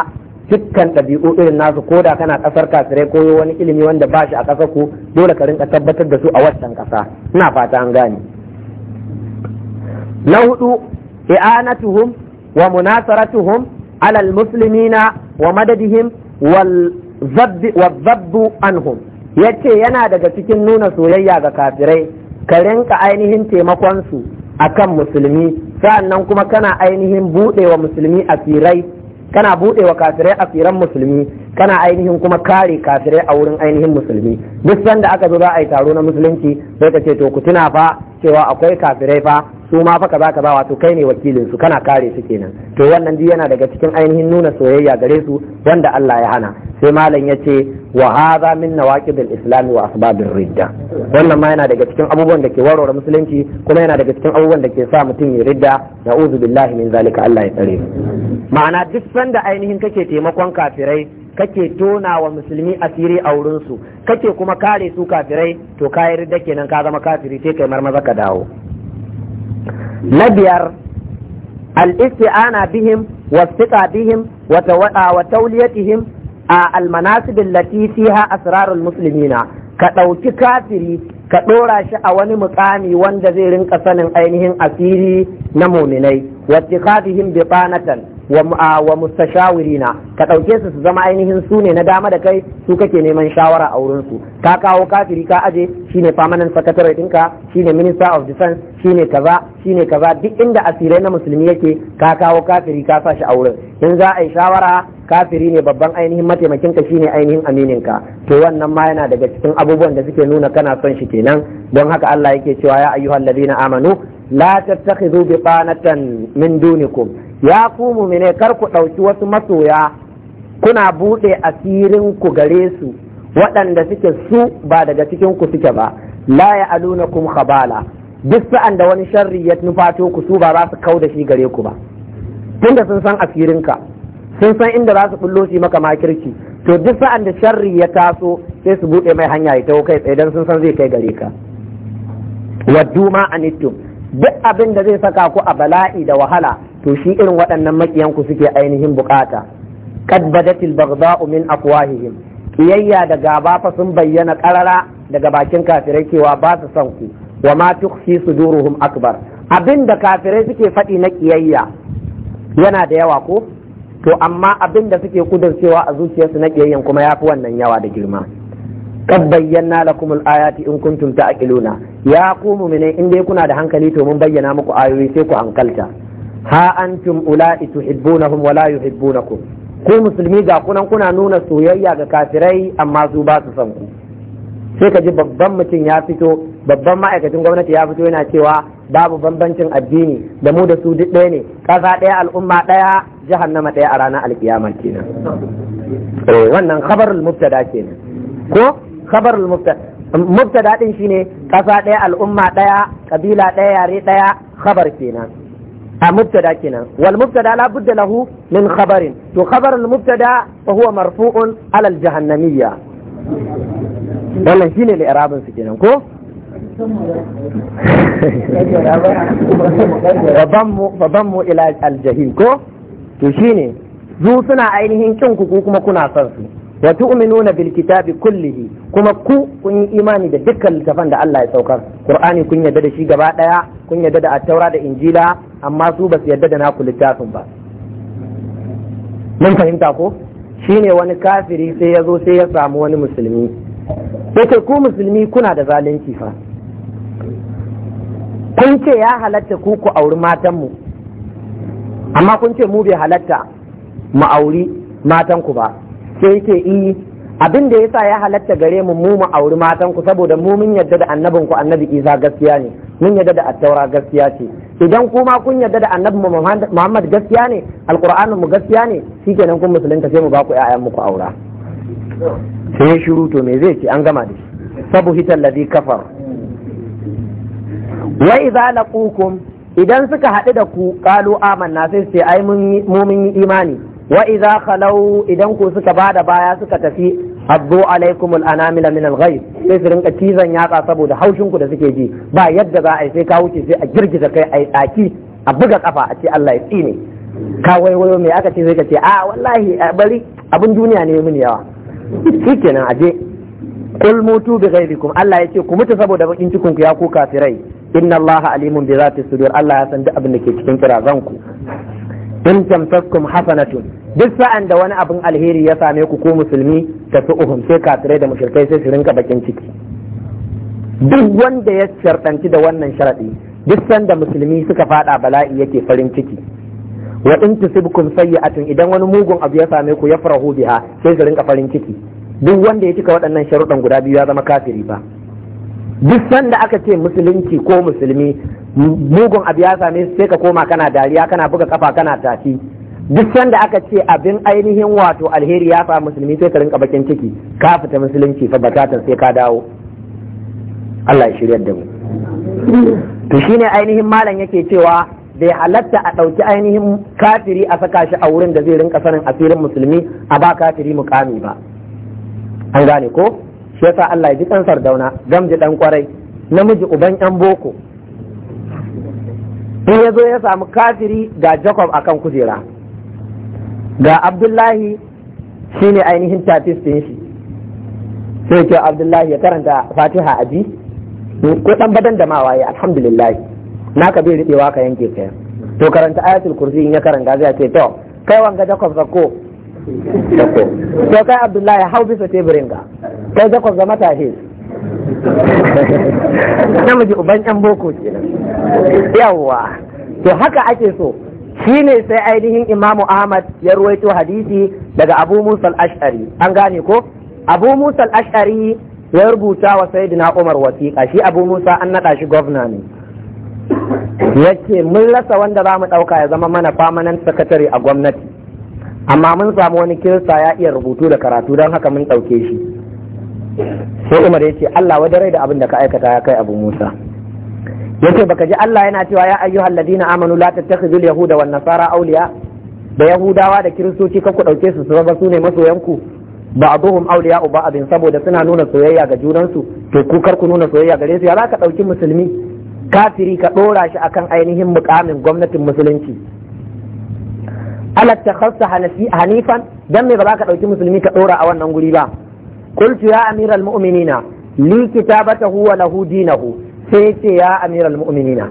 dukkan ɗabi'u irin nasu ko da kana ƙasar kafirai ko wani ilimi wanda ba shi a ƙasar ku dole ka rinka tabbatar da su a wancan ƙasa ina fata an gane na hudu i'anatuhum wa munasaratuhum alal muslimina wa madadihim wal zabbu anhum yace yana daga cikin nuna soyayya ga kafirai ka rinka ainihin taimakon su akan musulmi sa'annan kuma kana ainihin buɗewa musulmi asirai kana buɗewa kafirai asiran musulmi kana ainihin kuma kare kafirai a wurin ainihin musulmi duk sanda aka zo za a yi taro na musulunci sai ka ce to ku tuna fa cewa akwai kafirai fa su ma fa kaza kaza wato kai ne wakilin su kana kare su kenan to wannan duk yana daga cikin ainihin nuna soyayya gare su wanda Allah ya hana sai malam yace wa hadha min nawaqid al-islam wa asbabir ridda wannan ma yana daga cikin abubuwan da ke warware musulunci kuma yana daga cikin abubuwan da ke sa mutum ya ridda na'udzu billahi min zalika Allah ya tsare ma'ana duk sanda ainihin kake taimakon kafirai kake tona wa musulmi asiri a wurinsu kake kuma kare su kafirai to ka yarda kenan ka zama kafiri sai kai marmaza ka dawo na biyar al-isti'ana bihim wasiqa bihim wa tawliyatihim a al-manasib allati fiha asrarul muslimina ka dauki kafiri ka dora shi a wani mukami wanda zai rinka sanin ainihin asiri na muminai wa bi biqanatan wa mustashawirina ka ɗauke su su zama ainihin su ne na dama da kai su kake neman shawara a wurin su ka kawo kafiri ka aje shine permanent secretary ɗinka shine minister of defense shine kaza shine kaza duk inda asirai na musulmi yake ka kawo kafiri ka sa shi a wurin in za a yi shawara kafiri ne babban ainihin mataimakin ka shine ainihin aminin ka to wannan ma yana daga cikin abubuwan da suke nuna kana son shi kenan don haka Allah yake cewa ya ayyuhal ladina amanu la tattakhidhu bi banatan min dunikum ya ku mu'mine kar ku dauki wasu masoya kuna bude asirin ku gare su waɗanda suke su ba daga cikin ku suke ba la ya'alunakum khabala duk sa'an da wani sharri ya nufato ku su ba za su kau da shi gare ku ba tunda sun san ka, sun san inda za su bullo shi maka kirki, to duk sa'an da sharri ya taso sai su bude mai hanya ya tawo kai tsaye dan sun san zai kai gare ka waddu ma anittum duk abin da zai saka ku a bala'i da wahala to shi irin waɗannan makiyan ku suke ainihin bukata kad badatil baghda'u min afwahihim kiyayya da gaba fa sun bayyana karara daga bakin kafirai cewa ba su son ku wa ma tukhfi suduruhum akbar abin da kafirai suke faɗi na kiyayya yana da yawa ko to amma abin da suke ƙudurcewa a zuciyarsu na kiyayyan kuma yafi wannan yawa da girma kad bayyana lakum al-ayati in kuntum ta'qiluna ya ku mu'mine in dai kuna da hankali to mun bayyana muku ayoyi sai ku hankalta ha antum ula'i tuhibbunahum wa la yuhibbunakum ku musulmi ga kunan kuna nuna soyayya ga kafirai amma su ba su son ku sai ka ji babban mutum ya fito babban ma'aikacin gwamnati ya fito yana cewa babu bambancin addini da mu da su duk ɗaya ne ƙasa ɗaya al'umma ɗaya jahannama ɗaya a ranar alkiyama kenan wannan khabarul mubtada kenan ko khabar mubtada din shine kasa ɗaya al'umma ɗaya kabila ɗaya yare ɗaya khabar kenan a mubtada kenan wal mubtada la budda lahu min khabarin to khabar al mubtada marfu'un ala al jahannamiyya shine su kenan ko mu ila aljahil ko to shine zu suna ainihin kin ku kuma kuna son su wa tu'minuna bil kitabi kullihi kuma ku kun yi imani da dukkan littafan da Allah ya saukar Qur'ani kun yarda da shi gaba daya kun yarda da Attaura da Injila amma su ba su yarda da naku littafin ba mun fahimta ko shine wani kafiri sai ya zo sai ya samu wani musulmi sai ku musulmi kuna da zalunci fa kun ce ya halatta ku ku auri matanmu amma kun ce mu bai halatta mu auri matanku ba sai yake yi eh, abin da yasa ya halatta gare mu mu mu auri matan ku saboda mu mun yadda da annabin ku annabi Isa gaskiya ne mun yadda da attaura gaskiya ce idan kuma kun yadda da annabi Muhammad gaskiya ne alqur'anin mu gaskiya ne shikenan kun musulunta sai mu ba ku ƴaƴan muku aura sai shiru to me zai ce an gama da shi sabu hitan ladhi kafar wa idza laqukum idan suka haɗu da ku qalu amanna sai sai ai mun mun yi imani wa idza khalau idan ku suka bada baya suka tafi haddu alaikum anamila min al sai su rinka cizon yatsa saboda haushin ku da suke ji ba yadda za a yi sai ka wuce sai a girgiza kai a tsaki a buga kafa a ce Allah ya tsine ka waiwayo me aka ce sai ka ce ah, a wallahi bari abin duniya ne mun yawa shikenan aje kul mutu bi ghaibikum Allah ya ce ku mutu saboda bakin cikin ku ya ku kafirai inna Allah alimun bi zati sudur Allah ya san duk abin da ke cikin kirazan ku in tamtaskum hasanatun duk sa'an da wani abin alheri ya same ku ko musulmi ta su uhum sai kafirai da mushrikai sai su rinka bakin ciki duk wanda ya sharɗanci da wannan sharaɗi duk sanda musulmi suka fada bala'i yake farin ciki wa in tusibkum sayyi'atun idan wani mugun abu ya same ku ya farahu biha sai su rinka farin ciki duk wanda ya cika waɗannan sharuɗan guda biyu ya zama kafiri ba duk sanda aka ce musulunci ko musulmi mugun abu ya same sai ka koma kana dariya kana buga kafa kana tafi duk sanda aka ce abin ainihin wato alheri ya fa musulmi sai ka rinka bakin ciki ka fita musulunci fa bakatar sai ka dawo Allah ya shiryar da mu to shine ainihin malam yake cewa bai halatta a ɗauki ainihin kafiri a saka shi a wurin da zai rinka sanin asirin musulmi a ba kafiri mukami ba an gane ko shi yasa Allah ya ji dan sardauna gamji dan kwarai namiji uban yan boko in ya zo ya samu kafiri ga Jacob akan kujera ga abdullahi shine ainihin tatis din shi sai ce abdullahi ya karanta fatiha a ji ko dan badan da mawaye alhamdulillah ka bai riɗewa ka yanke kayan to karanta ayatul kursi in ya karanta zai ce to kai wanga jakob sako sako to kai abdullahi hau bisa teburin ga kai jakob zama tashi namiji uban yan boko kenan yawwa to haka ake so Shi ne sai ainihin imamu ahmad ya ruwaito hadisi daga abu musa al-ash'ari an gane ko abu musa al-ash'ari ya rubuta wa sayyidina umar wasiƙa shi abu musa an naɗa shi gwamna ne yace mun rasa wanda za mu ɗauka ya zama mana famanan sakatare a gwamnati amma mun samu wani kirista ya iya rubutu da karatu don haka mun ɗauke shi sai umar ya ce allah wadare da abin da ka aikata ya kai abu musa yace baka ji Allah yana cewa ya ayyuhal ladina amanu la tattakhidul yahuda wan nasara awliya da yahudawa da kiristoci ka ku dauke su su su ne masoyanku ba'dhum awliya ba'dhin saboda suna nuna soyayya ga junan su to ku kar ku nuna soyayya gare su ya zaka dauki musulmi kafiri ka dora shi akan ainihin mukamin gwamnatin musulunci alatta khassa hanifan dan me ba ka dauki musulmi ka dora a wannan guri ba qultu ya amiral mu'minina li kitabatahu wa lahu dinahu sai ya ce ya amiral mu'minina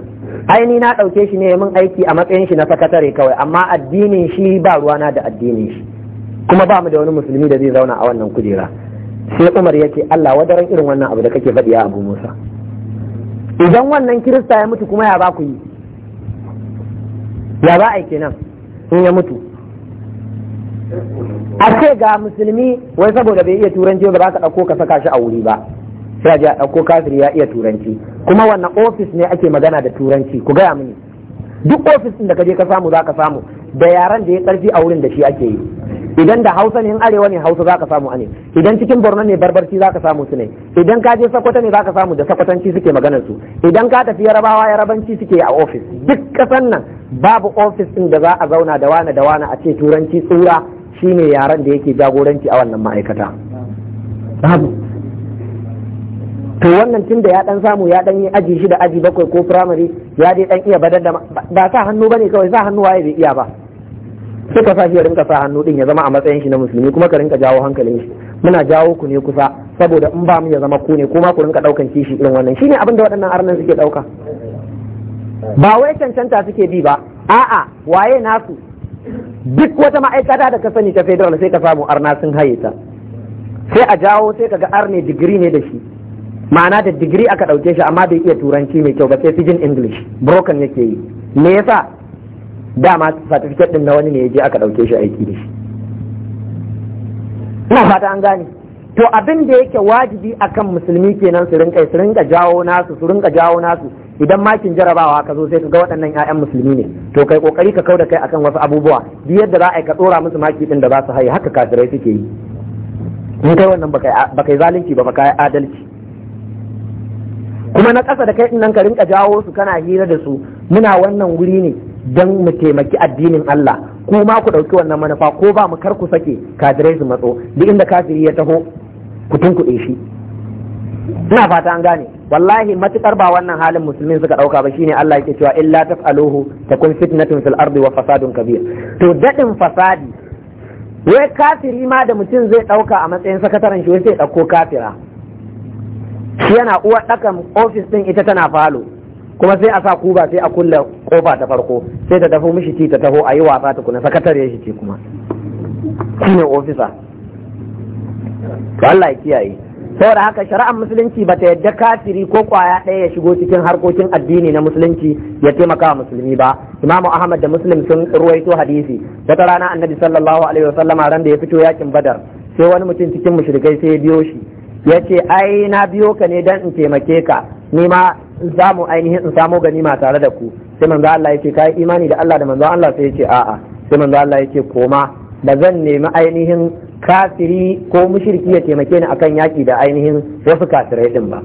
aini na ɗauke shi ne mun aiki a matsayin shi na sakatare kawai amma addinin shi ba ruwana da addinin shi kuma ba mu da wani musulmi da zai zauna a wannan kujera sai umar ya ce allah wadaran irin wannan abu da kake faɗi ya abu musa idan wannan kirista ya mutu kuma ya ba ku yi ya ba aiki nan in ya mutu a ce ga musulmi wai saboda bai iya turanci ba za ka ɗauko ka saka shi a wuri ba sai a ko a kafiri ya iya turanci kuma wannan ofis ne ake magana da turanci ku gaya mini duk ofis ɗin da ka je ka samu za ka samu da yaran da ya karfi a wurin da shi ake yi idan da hausa ne in arewa ne hausa za ka samu ne idan cikin borno ne barbarci za ka samu su ne idan ka je sakwata ne za ka samu da sakwatanci suke maganar su idan ka tafi yarabawa yarabanci suke a ofis duk kasan nan babu ofis ɗin da za a zauna da wani da wani a ce turanci tsura shine yaran da yake jagoranci a wannan ma'aikata babu to wannan tun da ya dan samu ya dan yi aji shida aji bakwai ko firamare ya dai dan iya badar da ba sa hannu bane kawai sa hannu waye bai iya ba ka sa shi ya rinka sa hannu din ya zama a matsayin shi na musulmi kuma ka rinka jawo hankalin shi muna jawo ku ne kusa saboda in ba mu ya zama ku ne kuma ku rinka daukan kishi irin wannan shine abin da waɗannan arnan suke dauka ba wai cancanta suke bi ba a'a waye nasu duk wata ma'aikata da ka sani ta federal sai ka samu arna sun haye ta sai a jawo sai ka ga arne digiri ne da shi ma'ana da digiri aka ɗauke shi amma bai iya turanci mai kyau ba sai jin english broken yake yi me yasa dama certificate din na wani ne ya je aka ɗauke shi aiki da shi ina fata an gane to abin da yake wajibi akan musulmi kenan su rinka su rinka jawo nasu su rinka jawo nasu idan makin jarabawa ka zo sai ka ga waɗannan ƴaƴan musulmi ne to kai kokari ka kauda kai akan wasu abubuwa duk yadda za a yi ka tsora musu maki din da za su haye haka kafirai suke yi in kai wannan baka kai zalunci ba baka adalci kuma na ƙasa da kai nan ka rinka jawo su kana hira da su muna wannan wuri ne don mu taimaki addinin Allah ko ma ku ɗauki wannan manufa ko ba mu kar ku sake kadirai su matso duk inda kafiri ya taho ku tunkuɗe shi ina fata an gane wallahi matukar ba wannan halin musulmin suka ɗauka ba shine Allah yake cewa illa taf'aluhu takun fitnatun fil ardi wa fasadun kabir to dadin fasadi wai kafiri ma da mutum zai ɗauka a matsayin sakataren shi wai sai ɗauko kafira shi yana uwa ɗakan ofis ɗin ita tana falo kuma sai a sa kuba sai a kulle kofa ta farko sai ta tafi mishi ci ta taho a yi wasa ta tukuna sakatare shi ci kuma shi ne ofisa to Allah ya kiyaye saboda haka shari'ar musulunci ba ta yadda kafiri ko kwaya ɗaya ya shigo cikin harkokin addini na musulunci ya taimaka wa musulmi ba imamu ahmad da muslim sun ruwaito hadisi wata rana annabi sallallahu alaihi wasallama ran da ya fito yakin badar sai wani mutum cikin mushrikai sai ya biyo shi ya ce ai na biyo ka ne dan in taimake ka ni ma in samu ainihin in samu ma tare da ku sai manzo Allah ya ce kai imani da Allah da manzo Allah sai ya ce a'a sai manzo Allah ya ce koma da zan nemi ainihin kafiri ko mushriki ya taimake ni akan yaki da ainihin wasu kafirai din ba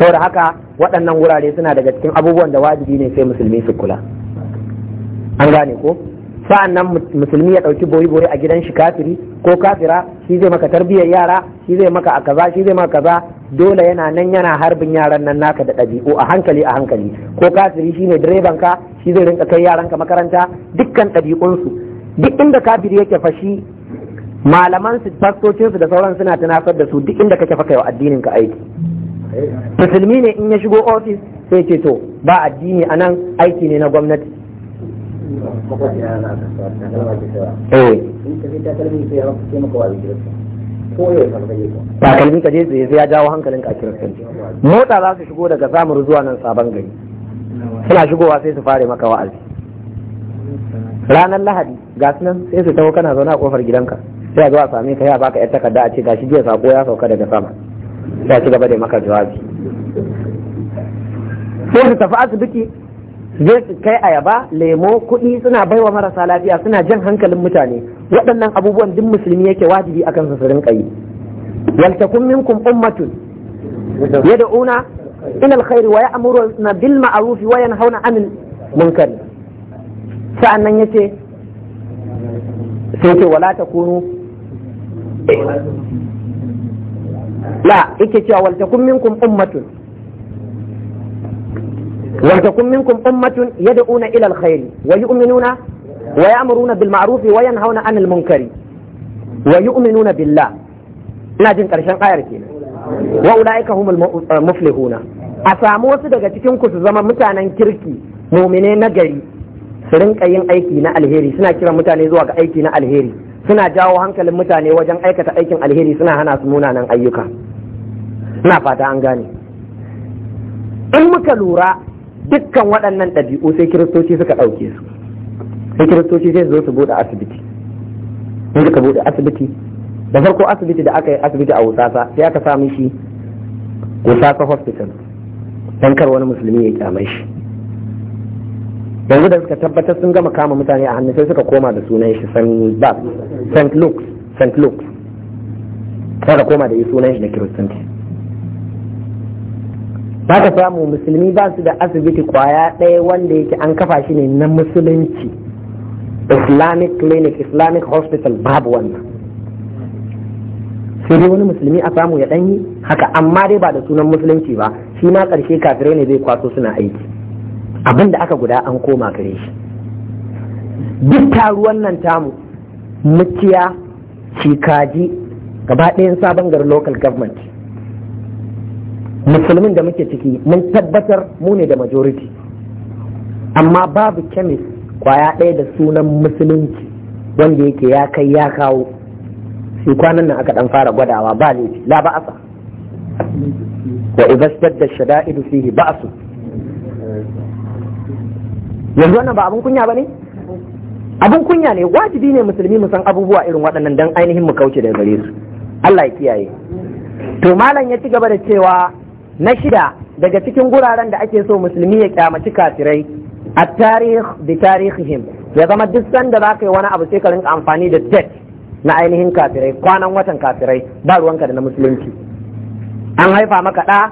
saboda haka waɗannan wurare suna daga cikin abubuwan da wajibi ne sai musulmi su kula an gane ko Sa'an nan musulmi ya ɗauki boyi-boyi a gidan shi kafiri ko kafira shi zai maka tarbiyyar yara shi zai maka a kaza shi zai maka kaza dole yana nan yana harbin yaran nan naka da ɗabi'u a hankali a hankali ko kafiri shi ne direban ka shi zai rinka kai yaranka makaranta dukkan ɗabi'unsu duk inda kafiri yake fashi malaman su fastocinsu da sauran suna tunasar da su duk inda kake fa wa addinin ka aiki musulmi ne in ya shigo ofis sai ce to ba addini anan aiki ne na gwamnati Eh. takalmi ka je tsaye sai ya jawo hankalin ka kiristanci mota za su shigo daga samun zuwa nan sabon gari suna shigowa sai su fare maka wa'azi ranar lahadi ga su nan sai su taho kana zaune a kofar gidanka sai a zuwa same ka ya baka yar takarda a ce gashi jiya sako ya sauka daga sama sai a ci gaba da maka jawabi sai su tafi asibiti zai kai ayaba lemo kuɗi suna baiwa marasa lafiya suna jan hankalin mutane waɗannan abubuwan duk musulmi yake wajibi akan su rinka yi yaltakun minkum ummatun yad'una ila alkhairi wa ya'muruna bil ma'ruf wa yanhauna 'anil munkar sa'annan yace sai ce wala takunu la yake cewa waltakun minkum ummatun ولتكن منكم أمة يدعون إلى الخير ويؤمنون ويأمرون بالمعروف وينهون عن المنكر ويؤمنون بالله ناجين كرشان قاير وأولئك هم المفلحون أسامو سدقة تكنكو سزما متانا كركي مؤمنين نجري su rinka yin aiki na alheri suna kiran mutane zuwa aiki na alheri suna jawo hankalin mutane wajen aikata aikin alheri suna hana su nan ayyuka ina fata an gane in muka lura dukkan waɗannan ɗabi'u sai kiristoci suka ɗauke su sai kiristoci sai zo su buɗe asibiti in suka buɗe asibiti da farko asibiti da aka yi asibiti a wusasa sai aka sami shi wusasa hospital don kar wani musulmi ya kyama shi yanzu da suka tabbatar sun gama kama mutane a hannu sai suka koma da sunan shi st luke st luke suka koma da yi sunan shi na kiristoci ba ka samu musulmi ba su da asibiti kwaya ɗaya wanda yake an kafa shi ne na musulunci islamic clinic islamic hospital babu wannan sai dai wani musulmi a samu ya ɗanyi haka amma dai ba da sunan musulunci ba shi ma ƙarshe kafirai ne zai kwaso suna aiki abin da aka guda an koma gare shi duk taruwan nan tamu muciya cikaji gaba ɗayan sabon garin local government musulmin da muke ciki mun tabbatar mu ne da majority amma babu chemist kwaya ɗaya da sunan musulunci wanda yake ya kai ya kawo shi kwanan nan aka dan fara gwadawa ba laifi la ba'asa wa idza stadda shada'idu fihi ba'su yanzu wannan ba abun kunya bane abun kunya ne wajibi ne musulmi mu san abubuwa irin waɗannan dan ainihin mu kauce daga gare su Allah ya kiyaye to malam ya ci gaba da cewa na shida daga cikin guraren da ake so musulmi ya kyamaci kafirai a tarih bi tarihihim ya zama duk sanda za ka yi wani abu sai ka amfani da date na ainihin kafirai kwanan watan kafirai ba ruwanka da na musulunci an haifa maka ɗa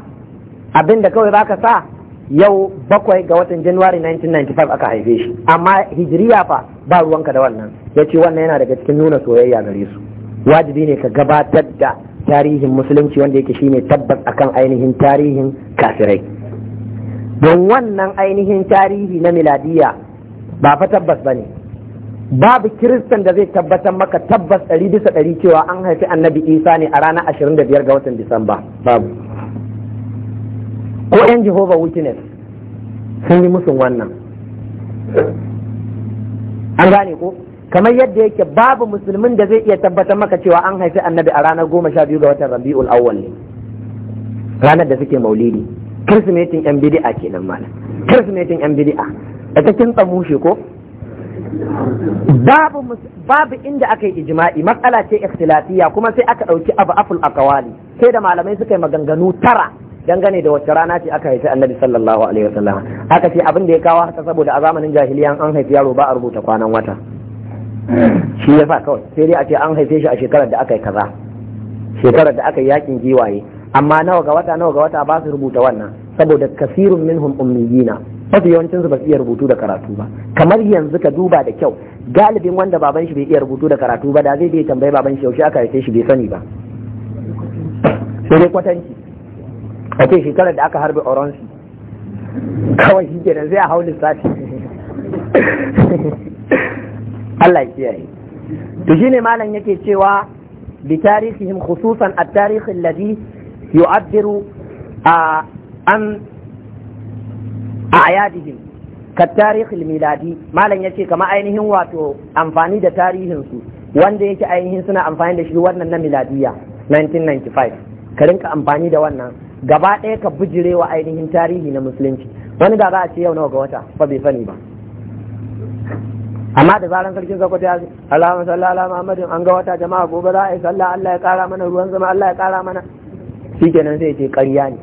abin da kawai za ka sa yau bakwai ga watan januwari 1995 aka haife shi amma hijiriya fa ba ruwanka da wannan ya ce wannan yana daga cikin nuna soyayya gare su wajibi ne ka gabatar da tarihin musulunci wanda yake shine tabbas akan ainihin tarihin kafirai don wannan ainihin tarihi na miladiya ba fa tabbas bane babu kiristan da zai tabbatar maka tabbas ɗari bisa ɗari cewa an haifi annabi isa ne a ranar ashirin da biyar ga watan disamba babu ko 'yan jehovah witness sun yi musun wannan an gane ko kamar yadda yake babu musulmin da zai iya tabbatar maka cewa an haifi annabi a ranar goma sha biyu ga watan rabi'ul awwal ne ranar da suke maulidi kirsimetin yan bidi'a kenan mana kirsimetin yan bidi'a da ta kinsa mushe ko babu babu inda aka yi ijma'i matsala ce ikhtilafiya kuma sai aka ɗauki abu aful akawali sai da malamai suka yi maganganu tara dangane da wacce rana ce aka haifi annabi sallallahu alaihi wasallam aka ce abin da ya kawo haka saboda a zamanin jahiliya an haifi yaro ba a rubuta kwanan wata shi ya sa kawai sai dai a ce an haife shi a shekarar da aka yi kaza shekarar da aka yi yakin giwaye amma nawa ga wata nawa ga wata ba su rubuta wannan saboda kasirun minhum ummiyina mafi yawancin su ba su iya rubutu da karatu ba kamar yanzu ka duba da kyau galibin wanda baban shi bai iya rubutu da karatu ba da zai bai tambayi baban shi yaushe aka haife shi bai sani ba sai dai kwatanci a ce shekarar da aka harbe oronsi. kawai shi kenan sai a hau lissafi Allah ya kiyaye to malam yake cewa bi tarihihim khususan at-tarikh alladhi a an a'yadihim كالتاريخ الميلادي ما لن يشي كما ainihin wato amfani da tarihinsu wanda yake ainihin suna amfani da shi wannan na miladiya 1995 ka rinka amfani da wannan gaba ɗaya ka bijirewa ainihin tarihi na musulunci wani ga za a ce yau nawa ga wata ba bai sani ba amma da zaran sarkin sokoto ya ce alama salla ala muhammadin an ga wata jama'a gobe za a yi salla allah ya kara mana ruwan zama allah ya kara mana kenan sai ce ƙarya ne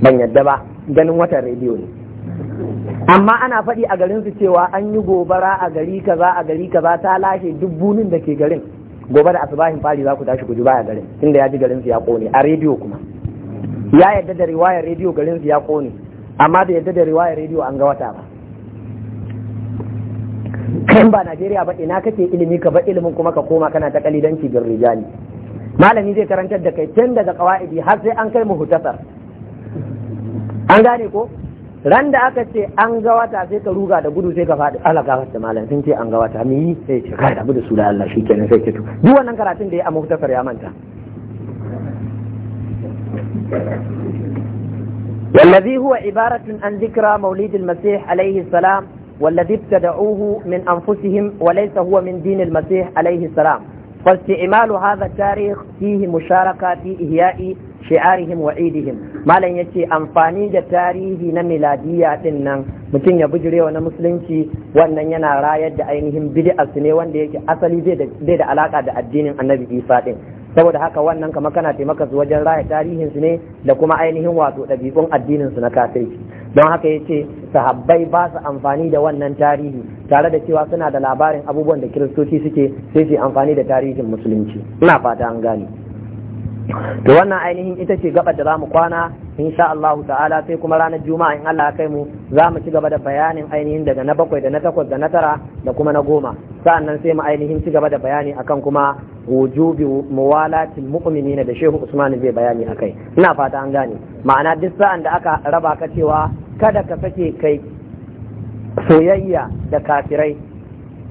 ban yadda ba ganin watan rediyo ne amma ana faɗi a garin su cewa an yi gobara a gari kaza a gari kaza ta lashe dubbunin da ke garin gobe da asubahin fari za ku tashi ku ji baya garin inda ya ji garin su ya kone a rediyo kuma ya yadda da riwayar rediyo garin su ya kone amma da yadda da riwayar rediyo an ga wata ba kan ba Najeriya ba ina kake ilimi ka ba ilimin kuma ka koma kana ta kalidanci bin rijali malami zai karantar da kai tun daga qawaidi har sai an kai muhtasar an gane ko ran da aka ce an ga wata sai ka ruga da gudu sai ka faɗi Allah gafar da malam sun ce an ga wata mi sai ce kai rabu da su da Allah shikenan sai ke to duk wannan karatun da ya a muhtasar ya manta والذي هو عبارة عن ذكرى مولد المسيح عليه السلام والذي ابتدعوه من أنفسهم وليس هو من دين المسيح عليه السلام فاستعمال هذا التاريخ فيه مشاركة في إحياء shi'arihim wa idihim malam yace amfani da tarihi na miladiya din nan mutum ya bijirewa na musulunci wannan yana rayar da ainihin bid'a ne wanda yake asali zai da alaka da addinin annabi isa din saboda haka wannan kama kana taimaka su wajen raya tarihin su ne da kuma ainihin wato ɗabi'un addinin su na kafirci don haka ya ce sahabbai ba su amfani da wannan tarihi tare da cewa suna da labarin abubuwan da kiristoci suke sai su amfani da tarihin musulunci ina fata an gane to wannan ainihin ita ce gaba da za mu kwana sha Allah ta'ala sai kuma ranar juma'a in Allah kai mu za mu ci gaba da bayanin ainihin daga na bakwai da na takwas da na tara da kuma na goma sa'annan sai mu ainihin ci gaba da bayani akan kuma wujubi muwalatil mu'minina da Shehu Usman zai bayani akai ina fata an gane ma'ana duk sa'an da aka raba ka cewa kada ka sake kai soyayya da kafirai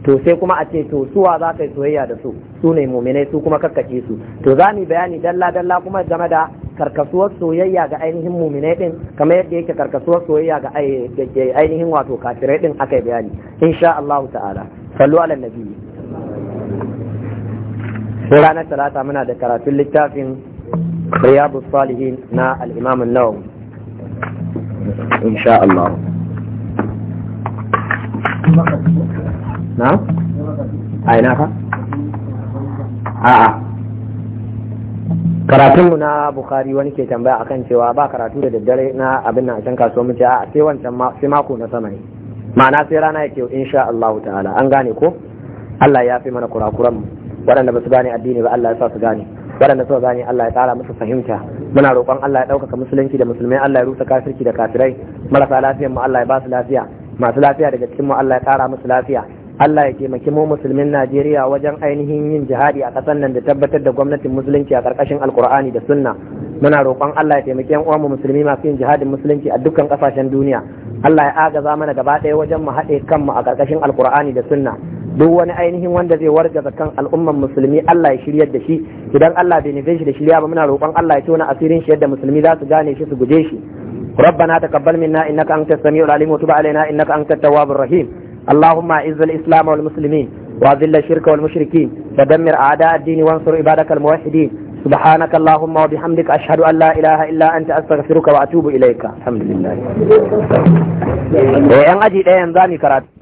to sai kuma a ce to suwa za ka yi soyayya da su su ne muminai su kuma kakkace su to za mu bayani dalla dalla kuma game da karkasuwar soyayya ga ainihin muminai din kamar yadda yake karkasuwar soyayya ga ainihin wato kafirai din aka yi bayani insha Allah ta'ala sallu ala nabi ranar talata muna da karatun littafin riyadu salihin na al-imam an-nawawi insha Allah na a ina a'a karatunmu na bukari wani ke tambaya akan cewa ba karatu da daddare na abin na can kasuwa mu ce a sai wancan sai mako na sama ne ma'ana sai rana yake insha Allah ta'ala an gane ko Allah ya fi mana kurakuran waɗanda ba su gane addini ba Allah ya sa su gane waɗanda suka gane Allah ya tsara musu fahimta muna roƙon Allah ya ɗaukaka musulunci da musulmai Allah ya rusa kafirki da kafirai marasa lafiyar mu Allah ya ba su lafiya masu lafiya daga cikin mu Allah ya tsara musu lafiya Allah ya taimaki mu musulmin Najeriya wajen ainihin yin jihadi a ƙasar nan da tabbatar da gwamnatin musulunci a ƙarƙashin Alƙur'ani da Sunna. Muna roƙon Allah ya taimaki ƴan uwanmu musulmi masu yin jihadin musulunci a dukkan ƙasashen duniya. Allah ya agaza mana gaba ɗaya wajen mu haɗe kanmu a ƙarƙashin Alƙur'ani da Sunna. Duk wani ainihin wanda zai wargaza kan al'umman musulmi Allah ya shiryar da shi idan Allah bai nufe shi da shirya ba muna roƙon Allah ya tona asirin shi yadda musulmi za su gane shi su guje shi. ربنا تقبل منا انك انت السميع العليم وتب علينا انك انت التواب الرحيم اللهم اعز الاسلام والمسلمين واذل الشرك والمشركين ودمر اعداء الدين وانصر عبادك الموحدين سبحانك اللهم وبحمدك اشهد ان لا اله الا انت استغفرك واتوب اليك الحمد لله وان اجي دين زاني كرات